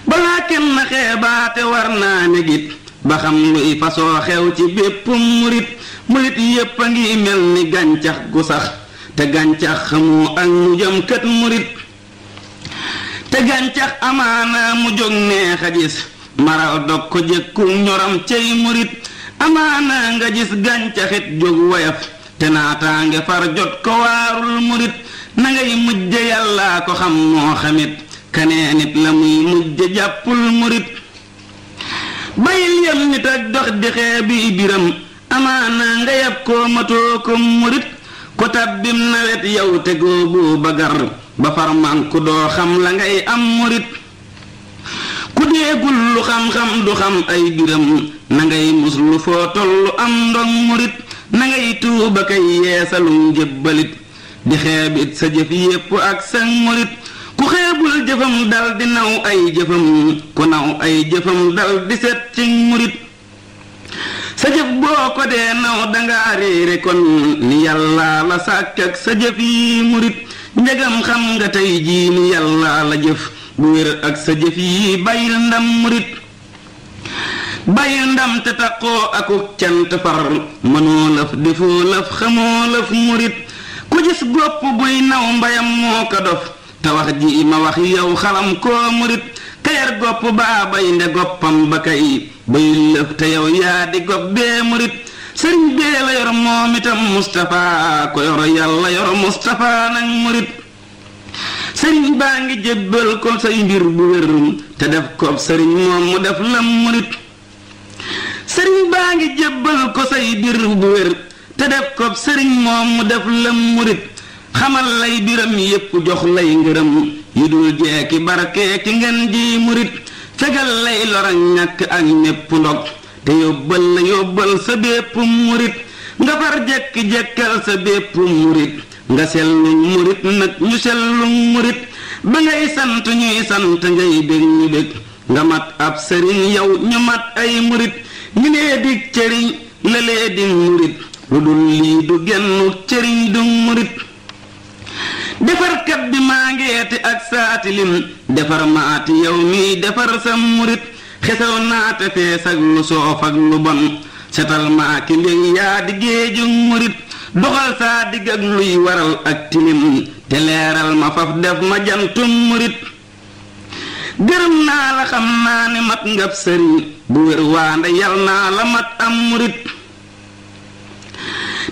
balaa kenn xeebaate war naa ne git ba xam luy fasoo xew ci bépp murit murit yépp a ngi mel ni gàncax gu sax te gàncax xamu ak mu jëm kët murit te gàncax amaana mu jóg neex a gis maraw dog ko jëkku ñoram cey murit amaana nga gis gàncaxit jóg woyof te naataange far jot ko waarul murit nangay mujj yàllaa ko xam moo xamit kanee nit la muy mujj jàppul murit bayil yam nit ak dox di xeebi biram amaana nga yab koo matoo ko murit ku tàbbim nawet yow te góobu bagar ba farman doo xam la ngay am murit ku déegul lu xam-xam du xam ay biram nangay mus lu foo tollu am ndong murit na ngay tuuba kay yeesalum jëbbalit di xeebit sa jëf yépp ak sa murit ku xeebul jëfam dal di naw ay jëfam ku naw ay jëfam dal di set ci murit sa jëf boo ko dee naw danga réere kon ni yàlla la sàkk ak sa jëf yi murit njëgam xam nga tey jii ni yàlla la jëf bu wér ak sa jëf yi bàyyil ndam murit bàyyil ndam te taqoo akuk cant far mënoo lëf defoo lëf xamoo lëf murit ku gis gopp buy naw mbayam moo ko dof te wax ji ma wax yow xalam koo murit kayar gopp baa bay nde goppam ba kay bayul lëf te yow yaa di gopp bee murit sëriñ bee la yor moom itam Mustapha ko yor yàlla yor Mustapha nag murit sëriñ baa ngi jébbal ko say mbir bu wér te def ko sëriñ moom mu def lam murit sëriñ baa ngi jébbal ko say bir bu wér te def ko sëriñ moom mu def la murit xamal lay biram yépp jox lay ngërëm yi dul jeeki barke ngeen ji murit fegal lay lora ñàkk ak ñépp ndog te yóbbal la yóbbal sa bépp murit nga far jekki-jekkal sa bépp murit nga sellu murit nag ñu sellu murit ba ngay sant ñuy sant ngay bég ñu bég nga mat ab sëriñ yow ñu mat ay murit ñu nee di cëriñ la lee di murit lu dul lii du gennu cëriñ du murit defarkat bi maa ngeeti ak saatilim defar maati yow mii defar sa murit xesaw naate fees ak lu soof ak lu bon setal maa ki yaa di géeju murit doxal saa digg luy waral ak tilim te leeral ma faf def ma jantum murit gërëm naa la xam naa ne mat ngab sëriñ bu wér waande yal naa la mat am murit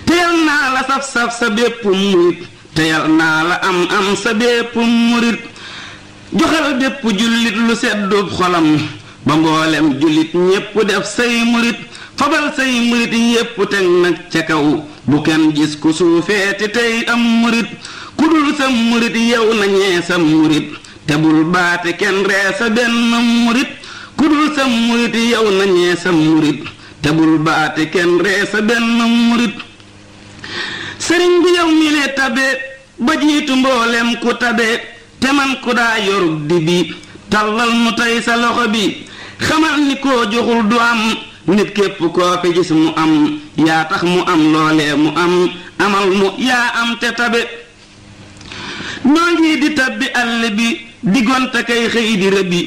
te yal naa la saf-saf sa bépp murit te naa la am am sa bépp murit joxal bépp jullit lu seddub xolam ba mboolem jullit ñépp def say murit fabal say murit yépp teg nag ca kaw bu kenn gis ku suufeeti tey am murit ku dul sa murit yow nañee sa murit te bul baate kenn ree sa benn murit ku dul sa murit yow nañee sa murit te bul baate kenn ree sa benn murit sëriñ bi yow mi tabe ba jiitu mboolem ku tabe te man ku daa yorug di bi tàllal mu tey sa loxo bi xamal ni koo joxul du am nit képp koo gis mu am yaa tax mu am loolee mu am amal mu yaa am te tabe noo ngi di tabbi àll bi diggante kay xëy di rëbbi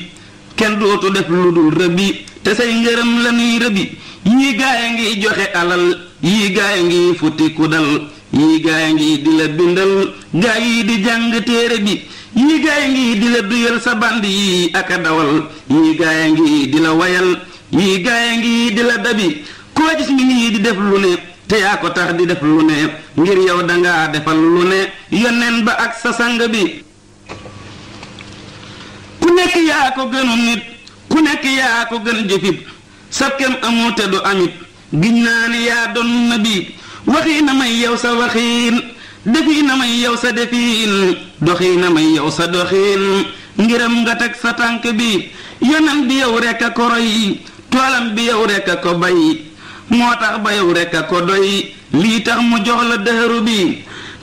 kenn dootu def lu dul bi te say ngërëm la nuy rëbbi yii gaaya ngiy joxe alal yii gaaya ngiy futti ku dal yii gaaya ngiy di la bindal gaa yi di jàng téere bi yii gaaya ngiy di la duyal sa band yii ak a dawal yii gaaya ngiy di la wayal yii gaaya ngiy di la dabi koo gis mi ngi di def lu ne te yaa ko tax di def lu ne ngir yow dangaa defal lu ne yoneen ba ak sa sang bi nekk yaa ko gënu nit ku nekk yaa ko gën jëfit sa kem amul te du amit giñ naa ni yaa doon nabi waxii na may yow sa waxiin defii na may yow sa defiin doxii na may yow sa doxiin ngiram nga teg sa tànk bi yonan bi yow rekk a ko roy toolam bi yow rekk a ko bay moo tax ba yow rekk a ko doy lii tax mu jox la dëhëru bi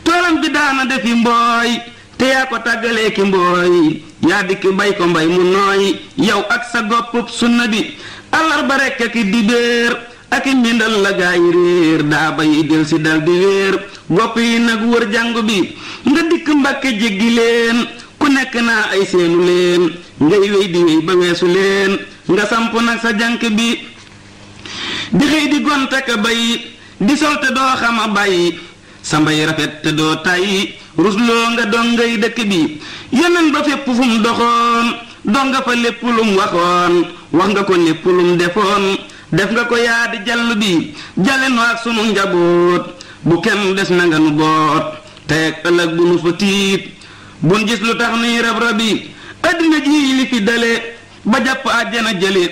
toolam bi daana defi mbooy te yaa ko tàggalee mbooy yaa dikk bay ko mbay mu nooy yow ak sa goppub sunna bi àllarba rekk ak dibéer ak mbindal la gaay réer daa bay del si dal di wéer gopp yi nag wër jàng bi nga dikk mbàkke jéggi leen ku nekk naa ay seenu leen ngay wéy di wéy ba weesu leen nga samp nag sa jànk bi di xëy di gonte ka bay di sol te doo xama bay sa mbay rafet te doo tay rusloo nga dongay dëkk bi yeneen ba fépp fu mu doxoon donga fa lépp waxoon wax nga ko lépp lum defoon def nga ko yaa di jàll bi jàlle nu ak sunu njaboot bu kenn des na nga nu boot tey ëllëg bu nu fa tiit bun gis lu tax nuy rab rabi addina ji li fi dale ba jàpp àjjana jële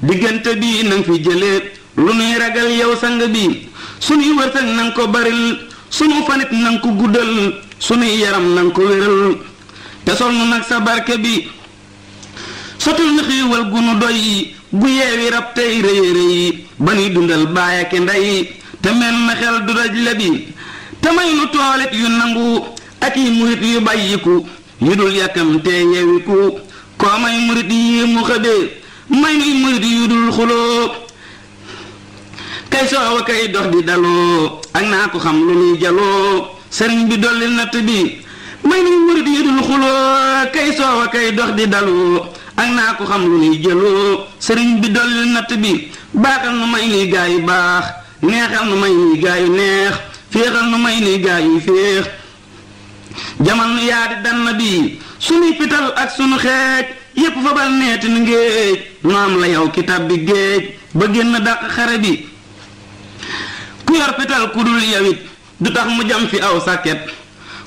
diggante bi nang fi jële lu nuy ragal yow sang bi sunuy wërsëg nang ko baril sunu fanit nang ko guddal sunuy yaram nanga ko wéral te sol nu nag sa barke bi sotul ñu xiiwal gu nu doy gu yeewi rab tey rëy rëy ba nuy dundal baay ak ndey te mel na xel du daj lebi te may nu toolit yu nangu ak yi murit yu bàyyiku yu dul yàkkamte yewiku koo may murit yi mu xëbee may nuy murit yu dul xuloo kay soowa kay dox di daloo ak naa ko xam lu nuy jaloo sëriñ bi dolli natt bi may nañ murit yi dul xuloo kay soowa kay dox di dalu ak naa ko xam lu nuy jëloo sëriñ bi dolli natt bi baaxal nu may nuy gaa yu baax neexal nu may nuy gaa yu neex féexal nu may nuy gaa yu féex jamal nu yaadi dann bi sunuy pital ak sunu xeej yépp fa neeti nu ngéej nu am la yow kitab bi géej ba génn dàq xare bi ku yor pital ku dul yawit du tax mu jam fi aw sàkket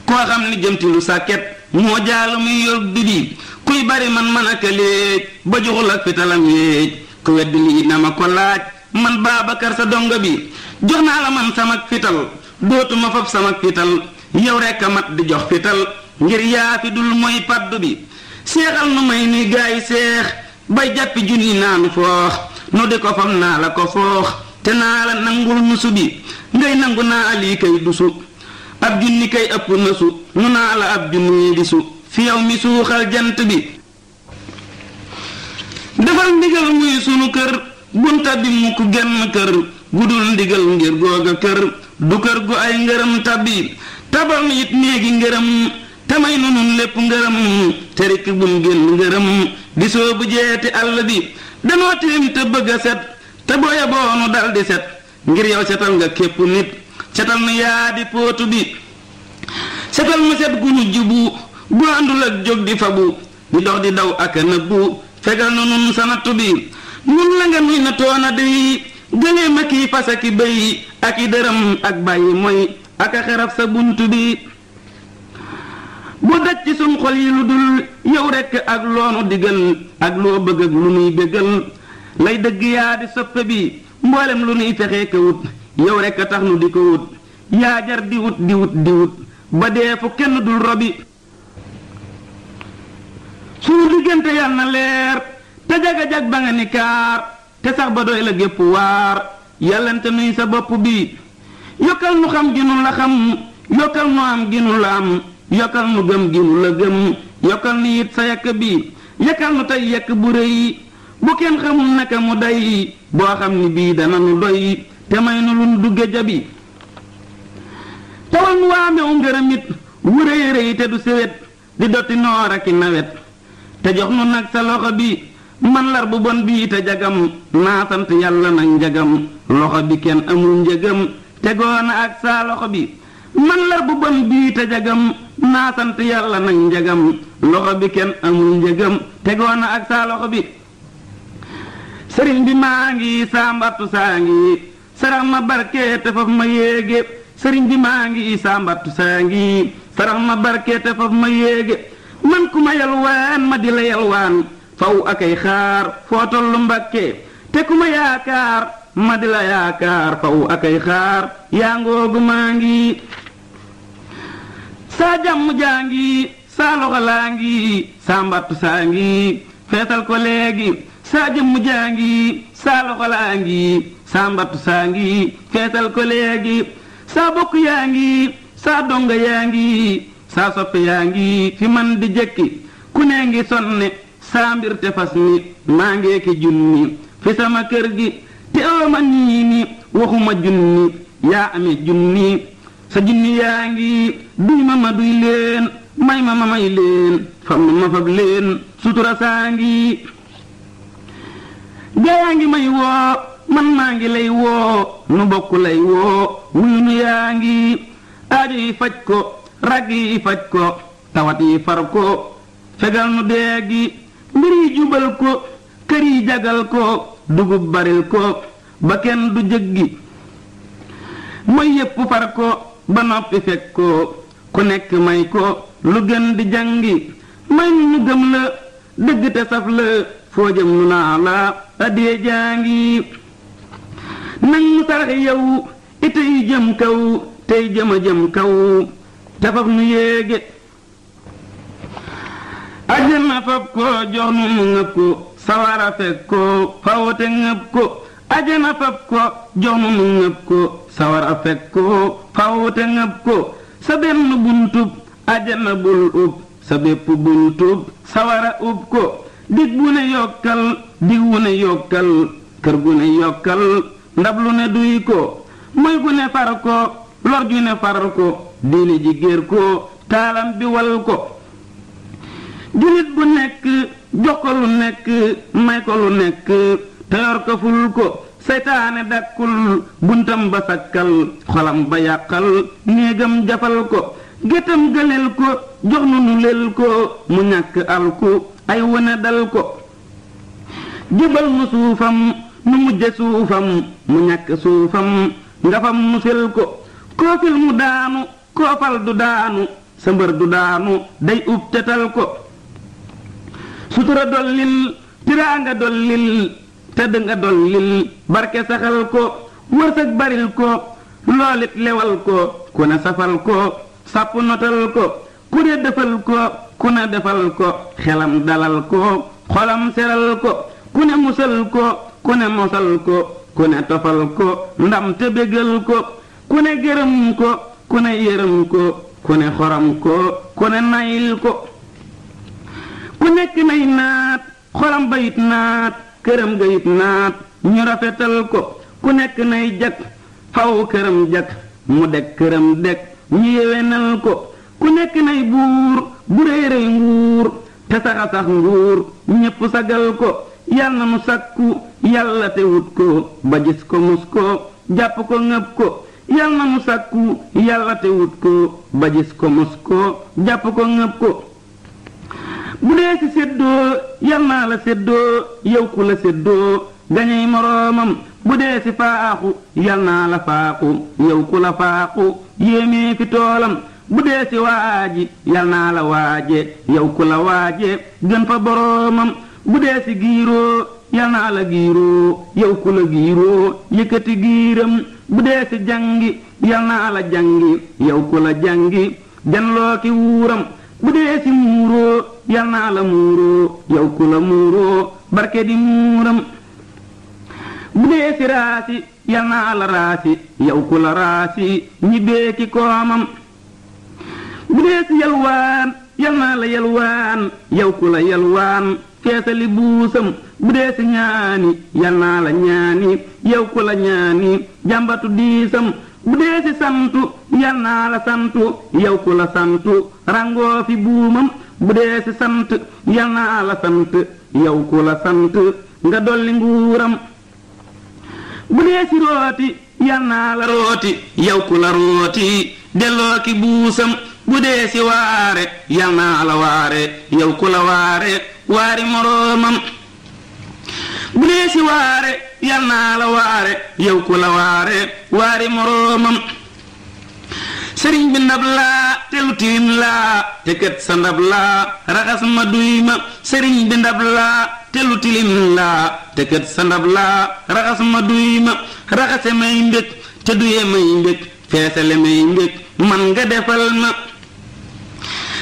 koo xam ni jëmti lu sàkket moo jaalu muy yor dudi kuy bari man man ak léej ba joxul ak fitalam yéej ku weddi lii na ma ko laaj man Baabakar sa dongo bi jox naa la man samak fital dootuma fab samak fital yow rekk a mat di jox fital ngir yaa fi dul mooy paddu bi seexal nu may ni gaay seex bay jàppi junni naanu foox nu di ko fam naa la ko foox te naa la nangul nusu bi ngay nangu naa lii kay dusu ab junni kay ëpp na nu naa la ab junni di su fi yow mi suuxal jant bi defal ndigal muy sunu kër bunta bi mukk genn kër gudul ndigal ngir googa kër du kër gu ay ngërëm tabbi tabal na it néegi ngërëm tamay nunun lépp ngërëm terik bum génn ngërëm di soobu jeeti àll bi danoo tilim te bëgg set te boo yaboonu dal di set ngir yow setal nga képp nit setal na yaa di póotu bi setal ma set gu jubu bu àndul ak jóg di fabu di dox di daw ak a nëbbu fegal na nun sa nattu bi nun nuy na toona dey gëlee kii fas ak bëy ak i dërëm ak bàyyi mooy ak a xeraf sa bunt bi bu daj sun xol yi lu dul yow rekk ak loonu digal ak loo bëgg lu nuy bëggal lay dëgg yaa di soppe bi mboolem lu nuy fexee ka wut yow rekk a tax nu di ko wut yaa jar di wut di wut di wut ba dee fu kenn dul robi suñu diggante yal na leer te jag-jag ba nga ne kaar te sax ba doy la gépp waar yàllante nuy sa bopp bi yokkal nu xam gi nu la xam yokkal nu am gi nu la am yokkal nu gëm gi nu la gëm yokkal nu it sa yàkk bi yokkal nu tey yàkk bu rëy bu kenn xamul naka mu day boo xam ni bii dana nu doy te may nu luñ dugge jabi tawal nu waame um ngërëmit wu rëy rëy te du séwét di dotti noor ak nawet te jox nu nag sa loxo bi man lar bu bon bii te jagam naa yàlla nag njagam loxo bi kenn amul njagam tegoona ak saa loxo bi man lar bu bon bii te jagam naa yàlla nag njagam loxo bi kenn amul njëgam tegoona ak saa loxo bi sëriñ bi maa ngi sàmbattu saa ngi sarax ma barke faf ma yéege sëriñ bi maa ngi sàmbattu saa ngi sarax ma barke te faf ma yéege man ku ma yalwaan ma di la yalwaan faw akay xaar foo tollu te ku ma yaakaar ma di la yaakaar faw akay xaar yaa ngoogu ngi saa jàmm jaa ngi saa loxo laa ngi sàmbattu feesal ko saa jëmm jaa ngi saa loxolaa ngi saa mbattu saa ngi feetal ko léegi saa bokk yaa ngi saa donga yaa ngi saa soppe yaa ngi fi man di jëkki ku nee ngi sonne saa mbir te fas mi maa ngee ki junni fi sama kër gi te ooma nii ni waxuma junni yaa amee junni sa junni yaa ngi duy ma ma duy leen may ma ma may leen fab ma ma fab leen sutura saa ngi gaayaa ngi may woo man naa ngi lay woo nu bokk lay woo wuyu nu yaa ngi aajo yi faj ko rag yi faj ko tawat yi far ko fegal nu dee gi mbir yi jubal ko kër yi jagal ko dugub baril ko ba kenn du jëggi mooy yépp far ko ba noppi fekk ko ku nekk may ko lu gën di jàngi may nu ñu gëm dëgg te saf la foo jëm nu naa la addiya jaa ngi nañ nu saraxe yow ite yi jëm kaw tey jëm a jëm kaw tafaf nu yéege ajjana fab ko jox nu mu ngëb ko sawara fekk ko fawote ngëb ko ajjana fab ko jox nu mu ngëb ko sawara fekk ko fawote ngëb ko sa benn buntub ajjana bul ub sa buntub sawara ub ko dig bu ne yokkal dig wu ne yokkal kër gu ne yokkal ndab lu ne duy ko moy gu ne far ko lor ju ne far ko diine ji ko taalam bi wal ko jullit bu nekk jox ko lu nekk may ko lu nekk te yor ko ful ko seytaane dakkul buntam ba xolam ba yàqal néegam jafal ko gétam galeel ko jox nu nu ko mu ñàkk alku ay wana dal ko jëbal nu suufam nu mujje suufam mu ñàkk suufam nga fam nu fel ko koofil mu daanu koofal du daanu sa mbër du daanu day ub tetal ko sutura dollil tiraanga dollil tëdd nga dollil barke saxal ko wërsëg baril ko loolit lewal ko ku safal ko sàpp notal ko ku ne ko ku ne defal ko xelam dalal ko xolam seral ko ku ne musal ko ku ne mosal ko ku ne tofal ko ndam te bégal ko ku ne gërëm ko ku ne yërëm ko ku ne xoram ko ku ne nayil ko ku nekk nay naat xolam ba naat këram ga yit naat ñu rafetal ko ku nekk nay jag faw këram jag mu deg këram deg ñu yewenal ko ku nekk nay buur bu nguur te saxa nguur ñépp sagal ko yal na nu sakku yàlla te wut ko ba gis ko mus ko jàpp ko ngëb ko yal na nu sakku yàlla te wut ko ba gis ko mus ko jàpp ko ngëb ko bu dee ci séddoo yal naa la séddoo yow ku la séddoo gañey moroomam bu dee ci faaxu yal naa la faaxu yow ku la faaxu yéemee fi toolam bu dee si waaji yal naa la waaje yow ku la waaje gën fa boroomam bu dee giiroo yal naa la giiroo yow ku la giiroo yëkkati giiram bu dee si jangi yal naa la jangi yow ku la jangi janloo ki wuuram bu dee muuroo yal naa la muuroo yow ku la muuroo barke di muuram bu dee raasi yal naa la raasi yow ku la raasi ñibbeeki koomam bu dee si yalwaan naa la yalwaan yow ku la yalwaan feesali buusam bu dee si ñaani yal naa la ñaani yow ku la ñaani jàmbatu diisam bu dee si santu yal naa la santu yow ku la santu rangoo buumam bu dee si naa la sant yow ku la sant nga dolli nguuram bu rooti yal naa la rooti yow ku la rooti delloo buusam bu dee si waare yal naa la waare yow ku la waare waari moroomam bu dee waare yal naa la waare yow ku la waare waari moroomam sëriñ bi laa te lu tiim laa te kët sa laa raxas ma duy ma sëriñ bi ndab te lu tilim laa te kët ma duy man nga defal ma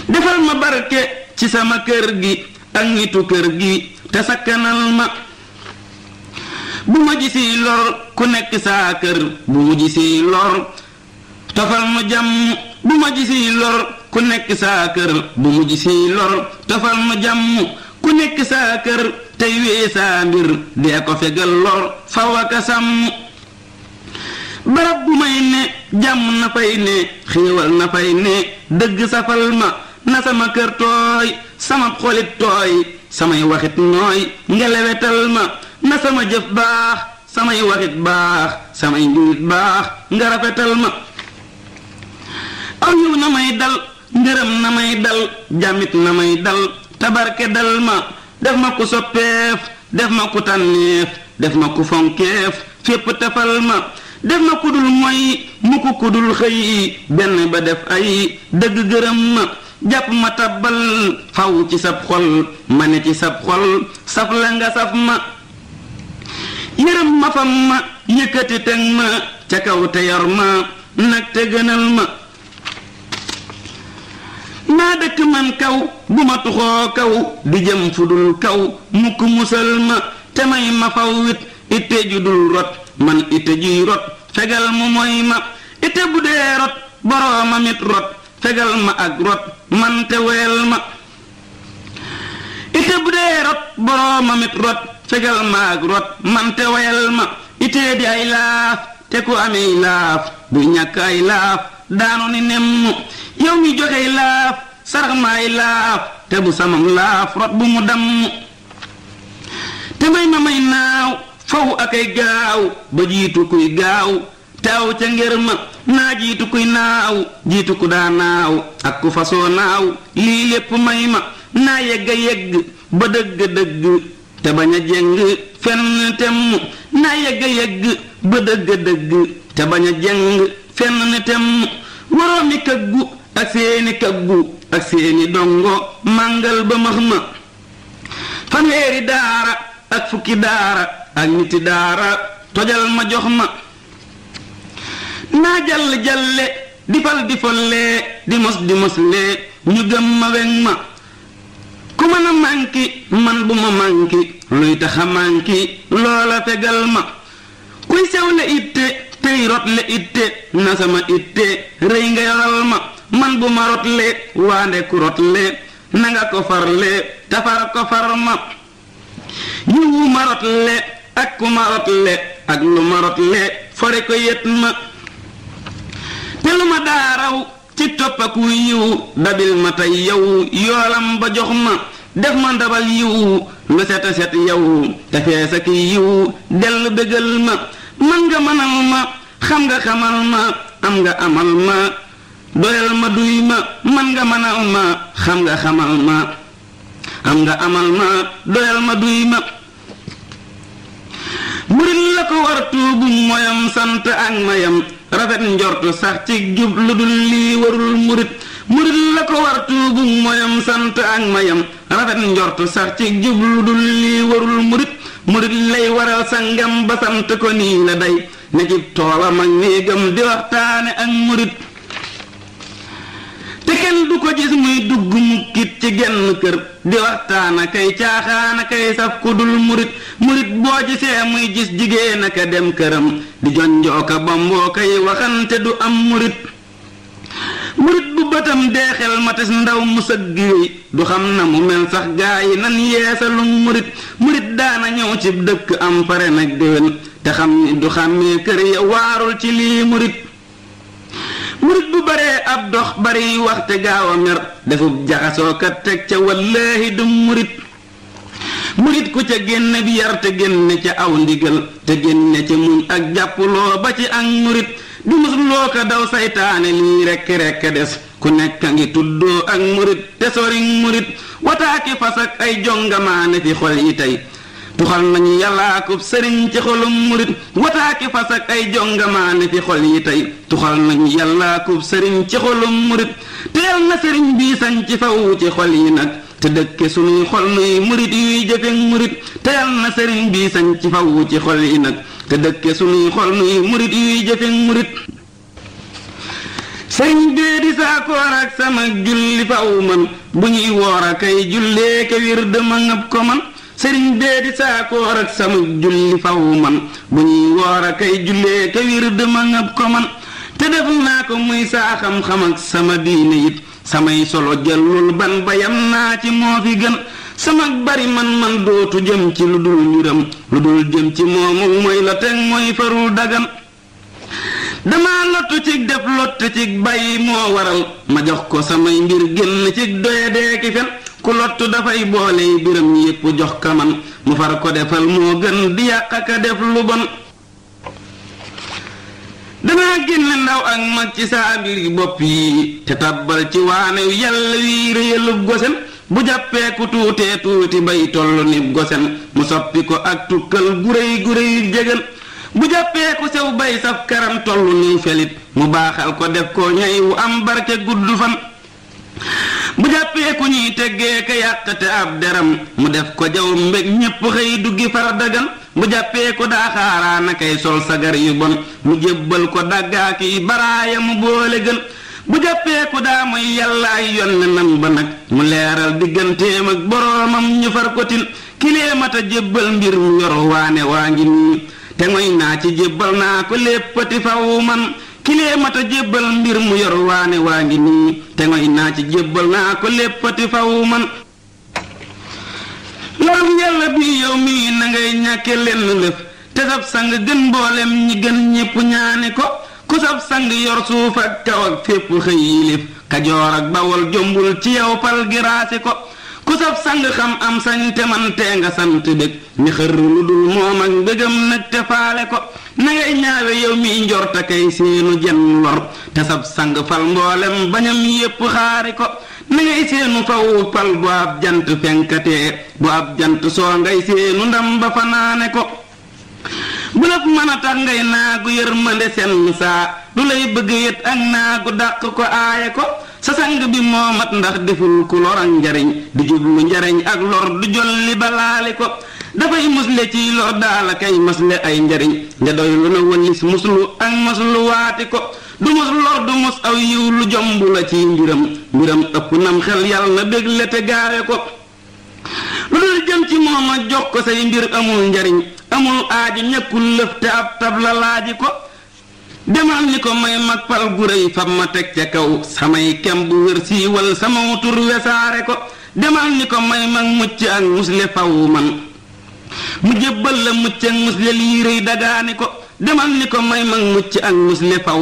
defal ma barke ci sama kër gi ak nitu kër gi te sakkanal ma bu ma gisi lor ku nekk saa kër bu ma gisi lor tofal ma jàmm bu ma gisi lor ku nekk saa kër bu ma gisi lor tofal ma jàmm ku nekk saa kër tey wee saa mbir dee ko fegal lor fawaka sàmm barab bu may ne jàmm na ne xéewal na ne dëgg safal ma na sama kër tooy sama xolit tooy samay waxit nooy nga lewetal ma na sama jëf baax samay waxit baax samay njurit baax nga ma aw na may dal ngërëm na may dal jàmmit na may dal tabarke ma def ma ku soppeef def ma ku tànneef def ma ku fonkeef fépp tafal ma def ma ku dul moy mu ku ku dul xëy benn ba def ay dëgg gërëm ma jàpp ma tabbal faw ci sab xol ma ne ci sab xol saf la nga saf ma yërëm ma fam ma yëkkati teg ma ca kaw te yor ma nag te gënal ma naa dëkk man kaw bu ma tuxoo kaw di jëm fu dul kaw mukk musal ma te may ma faw it itte ju dul rot man itte juy rot fegal mu moy ma itte bu dee rot boroomam rot fegal ma ak rot man te weel ma ite bu dee rot boroomam it rot fegal ma ak rot man te weel ma itee di ay laaf te ku amee laaf du ñàkk ay laaf daanu ni nemm yow mi joxe laaf sarax ma ay laaf te bu samam laaf rot bu mu damm te may ma naaw faw akay gaaw ba jiitu kuy gaaw teew ca ngir ma naa jiitu kuy naaw jiitu ku daa naaw ak ku fasoo naaw lii lépp may ma naa yegg yegg ba dëgg te bañ jeng fenn temm naa yegg yegg ba dëgg te bañ jeng fenn temm waroomi kaggu ak seeni kaggu ak seeni dongo màngal ba max ma fanweeri daara ak fukki daara ak ñetti daara tojal ma jox ma naa jàll jàlle di fal di follee ñu gëm ma weŋ ma ku mën a manki man bu ma manki luy tax a manki loola fegal ma kuy sew la itte tey rot la itte na sama itte rëy nga yoral ma man bu ma rotle waande ku rotle na ko farle tafar ko far ma yiwu ak ku ma rotle ak lu ma rotle fore yet ma te lu daaraw ci toppaku yiw dabil ma tey yow yoolam ba jox ma def ma ndabal yiw lu set a set yow te fees ak yiw dellu bégal ma man nga mënal ma xam nga xamal ma am nga amal ma doyal ma duy ma man nga mënal ma xam nga xamal nga amal ma doyal la ko war tuubu moyam sant ak mayam rafet njort sax ci jub lu dul lii warul murit murit la ko war tuubu moyam sant ak mayam rafet njort sax ci jub lu dul warul murit murit lay waral sangam ba sant ko nii day ne ci toolam ak néegam di waxtaane ak murit te kenn du ko gis muy dugg mukkit ci genn kër di waxtaan akay caaxaan akay saf ku dul murit murit boo gisee muy gis jigéen aka dem këram di jonjooka bamboo kay waxante du am murit murit bu bëtam dee xel matis ndaw mu sëgg yooyu du xam na mu mel sax gaa yi nan yeesalum murit murit daana ñëw ci dëkk am pare nag déwén te xam ni du xàmmee kër waarul ci lii murit murit bu baree ab dox bari wax te gaaw a mer defub jaxasookat teg ca wallaahi du murit murit ku ca génn bi yar te génne ca aw ndigal te génne ca muñ ak jàppuloo ba ci ak murit du musloo ko daw saytaane lii rekk rekk des ku nekk a ngi tuddoo ak murit te sori murit wataaki fas ak ay jongamaane fi xol yi tey tuxal nañu yàllaa ko sëriñ ci xolum murit wataake fas ak ay jongamaane fi xol yi tey tuxal nañu yàllaa ko sëriñ ci xolum murit teel na sëriñ bii sañ ci faw ci xol yi nag te dëkke suñuy xol nuy murit yuy jëfe murit sëriñ xol bee di saakoor ak sama julli faw man bu ñuy woor a kay jullee ke wir dëma ko man sëriñ bee di saakoor ak sama julli faw man bu ñuy woor a kay jullee te wird ma ngab ko man te def naa ko muy saa xam ak sama diine it samay solo jëlul ban ba yam naa ci moo fi gën sama bari man-man dootu jëm ci lu dul njuram lu dul jëm ci moomu mooy la teg mooy farul dagan damaa lottu cig def lott cig bàyyi moo waral ma jox ko samay mbir génn cig doye deeki fen ku lottu dafay boole yi biram yépp jox kaman mu far ko defal moo gën di yàq aka def lu bon danaa génne ndaw ak mag ci saa mbir yi bopp yi te tabbal ci waane yu yàlla wii réyalub gosen bu jàppee ku tuutee tuuti bay toll nib gosen mu soppi ko ak tukkal guréy guréy jégal bu jàppee ku sew bay saf karam toll niw felit mu baaxal ko def ko ñay wu am barke gudd fan bu jàppee ku ñuy teggee ka yàqate ab deram mu def ko jaw mbég ñépp xëy duggi far dagan bu jàppee ko daaxaaraa na kay sol sagar yu bon mu jébbal ko dàggaakiy baraaya mu boole gën bu jàppee ku daa mooy yàlla ay yonnenam ba nag mu leeral digganteem ak boroomam ñu far ko til kilee mata jébbal mbir mu yor waane waa ngi nii te moy naa ci jébbal naa ko léppati faw man kilee mata jébbal mbir mu yor waane waa ngi nii te ngoy naa ci jébbal naa ko léppati faw man loolu yàlla bi yow mii na ñàkke lenn lëf te sab sang gën mboolem ñi gën ñépp ñaani ko ku sab sang yor suuf ak kaw ak fépp xëy yilif kajoor ak bawol jombul ci yow pal giraasi ko ku sab sang xam am sañ te man tee nga sant bég ni lu dul moom ak mbégam nag te faale ko na ngay ñaawe yow miy njor ta kay seenu jenn lor te sab sang fal mboolem bañam yépp xaari ko na ngay seenu faw fal bu ab jant fenkatee bu ab jant soo ngay seenu ndam ba fanaane ko bu la mën a tax ngay naagu yërmande senn saa du lay bëgg yët ak naagu dàq ko aaye ko sa sang bi moo mat ndax deful ku lor ak njariñ du njariñ ak lor du jolli balaali ko dafay musle ci lor daala kay masle ay njariñ nga doy lu na walis muslu ak maslu ko du mos lor du mos aw yiw lu jomb la ci mbiram mbiram ëpp nam xel yàlla na bégle te gaawe ko lu dul jëm ci mooma jox ko say mbir amul njariñ amul aaji ñekkul lëf te ab tab ko demal ni ko may mag pal gu rëy fab ma teg ca kaw samay kem bu wër siiwal sama tur wesaare ko demal ni ko may mag mucc ak musle faw man mu jébbal la mucc ak musle lii rëy dagaani ko demal ni ko may mag mucc ak musle faw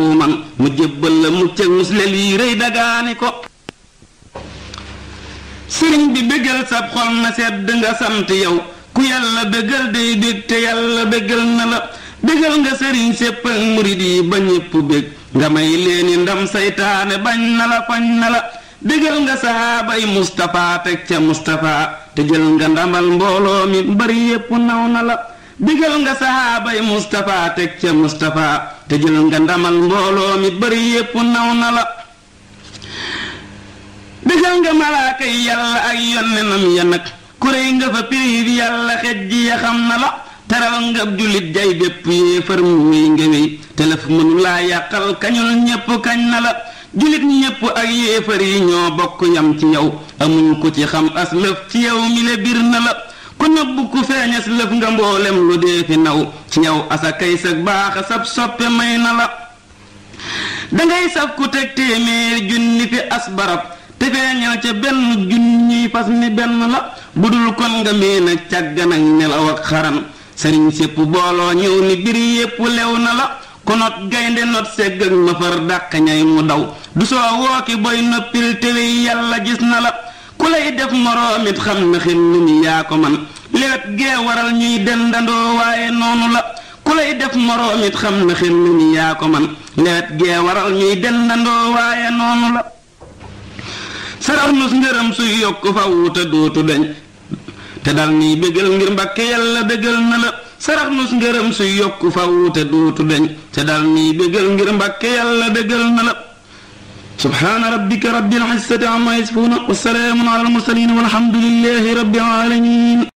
mu jébbal la mucc ak musle lii rëy dagaani bi bégal sab xol na sedd nga sant yow ku yàlla bégal day dég te yàlla bégal na la bégal nga sëriñ sépp ak murit yi ba ñépp bég nga may leeni ndam saytaane bañ na la fañ na la bégal nga sahaaba yi teg ca Mustapha te jël nga ndamal mbooloo mi bari yépp naw na la bégal nga sahaaba yi Mustapha teg ca te jël nga ndamal mbooloo mi bari yépp naw na ya nag kuréy nga fa piriir yàlla xej ya xam na la teral nga jullit jay bépp yéefar mu wéy nga wéy telef mënu laa yàqal kañul ñépp kañ na la jullit ñépp ak yéefar yi ñoo bokk yam ci yow amuñ ko ci xam as lëf ci yow mi le bir na la ku nëbb ku feeñas lëf nga mboolem lu dee fi naw ci yow asa kay sag baax sab soppe may na la dangay saf ku teg téeméer junni fi as barab te feeñal ca benn junni fas mi benn la budul kon nga meen a càggan ak nelaw ak xaran sëriñ sépp booloo ñëw ni biri yépp lew na la ku not gaynde not segg ak mafar dàq ñay mu daw du soo wooki boy noppil téwéy yàlla gis na la ku lay def moroomit xam na xim nu yaa ko man lewet gee waral ñuy dendandoo waaye noonu la def moroomit xam sarax nus ngërëm suy yokk faw te dootu te dal nii bégal ngir mbàkke yàlla bégal na la sarax nus ngërëm su yokku faw te dootu deñ te dal nii bégal ngir mbàkke yàlla bégal na la subhaana rabbika rabbil izzati amma yasifuun wa salaamun ala al mursaliin walhamdulillahi rabbil aalamiin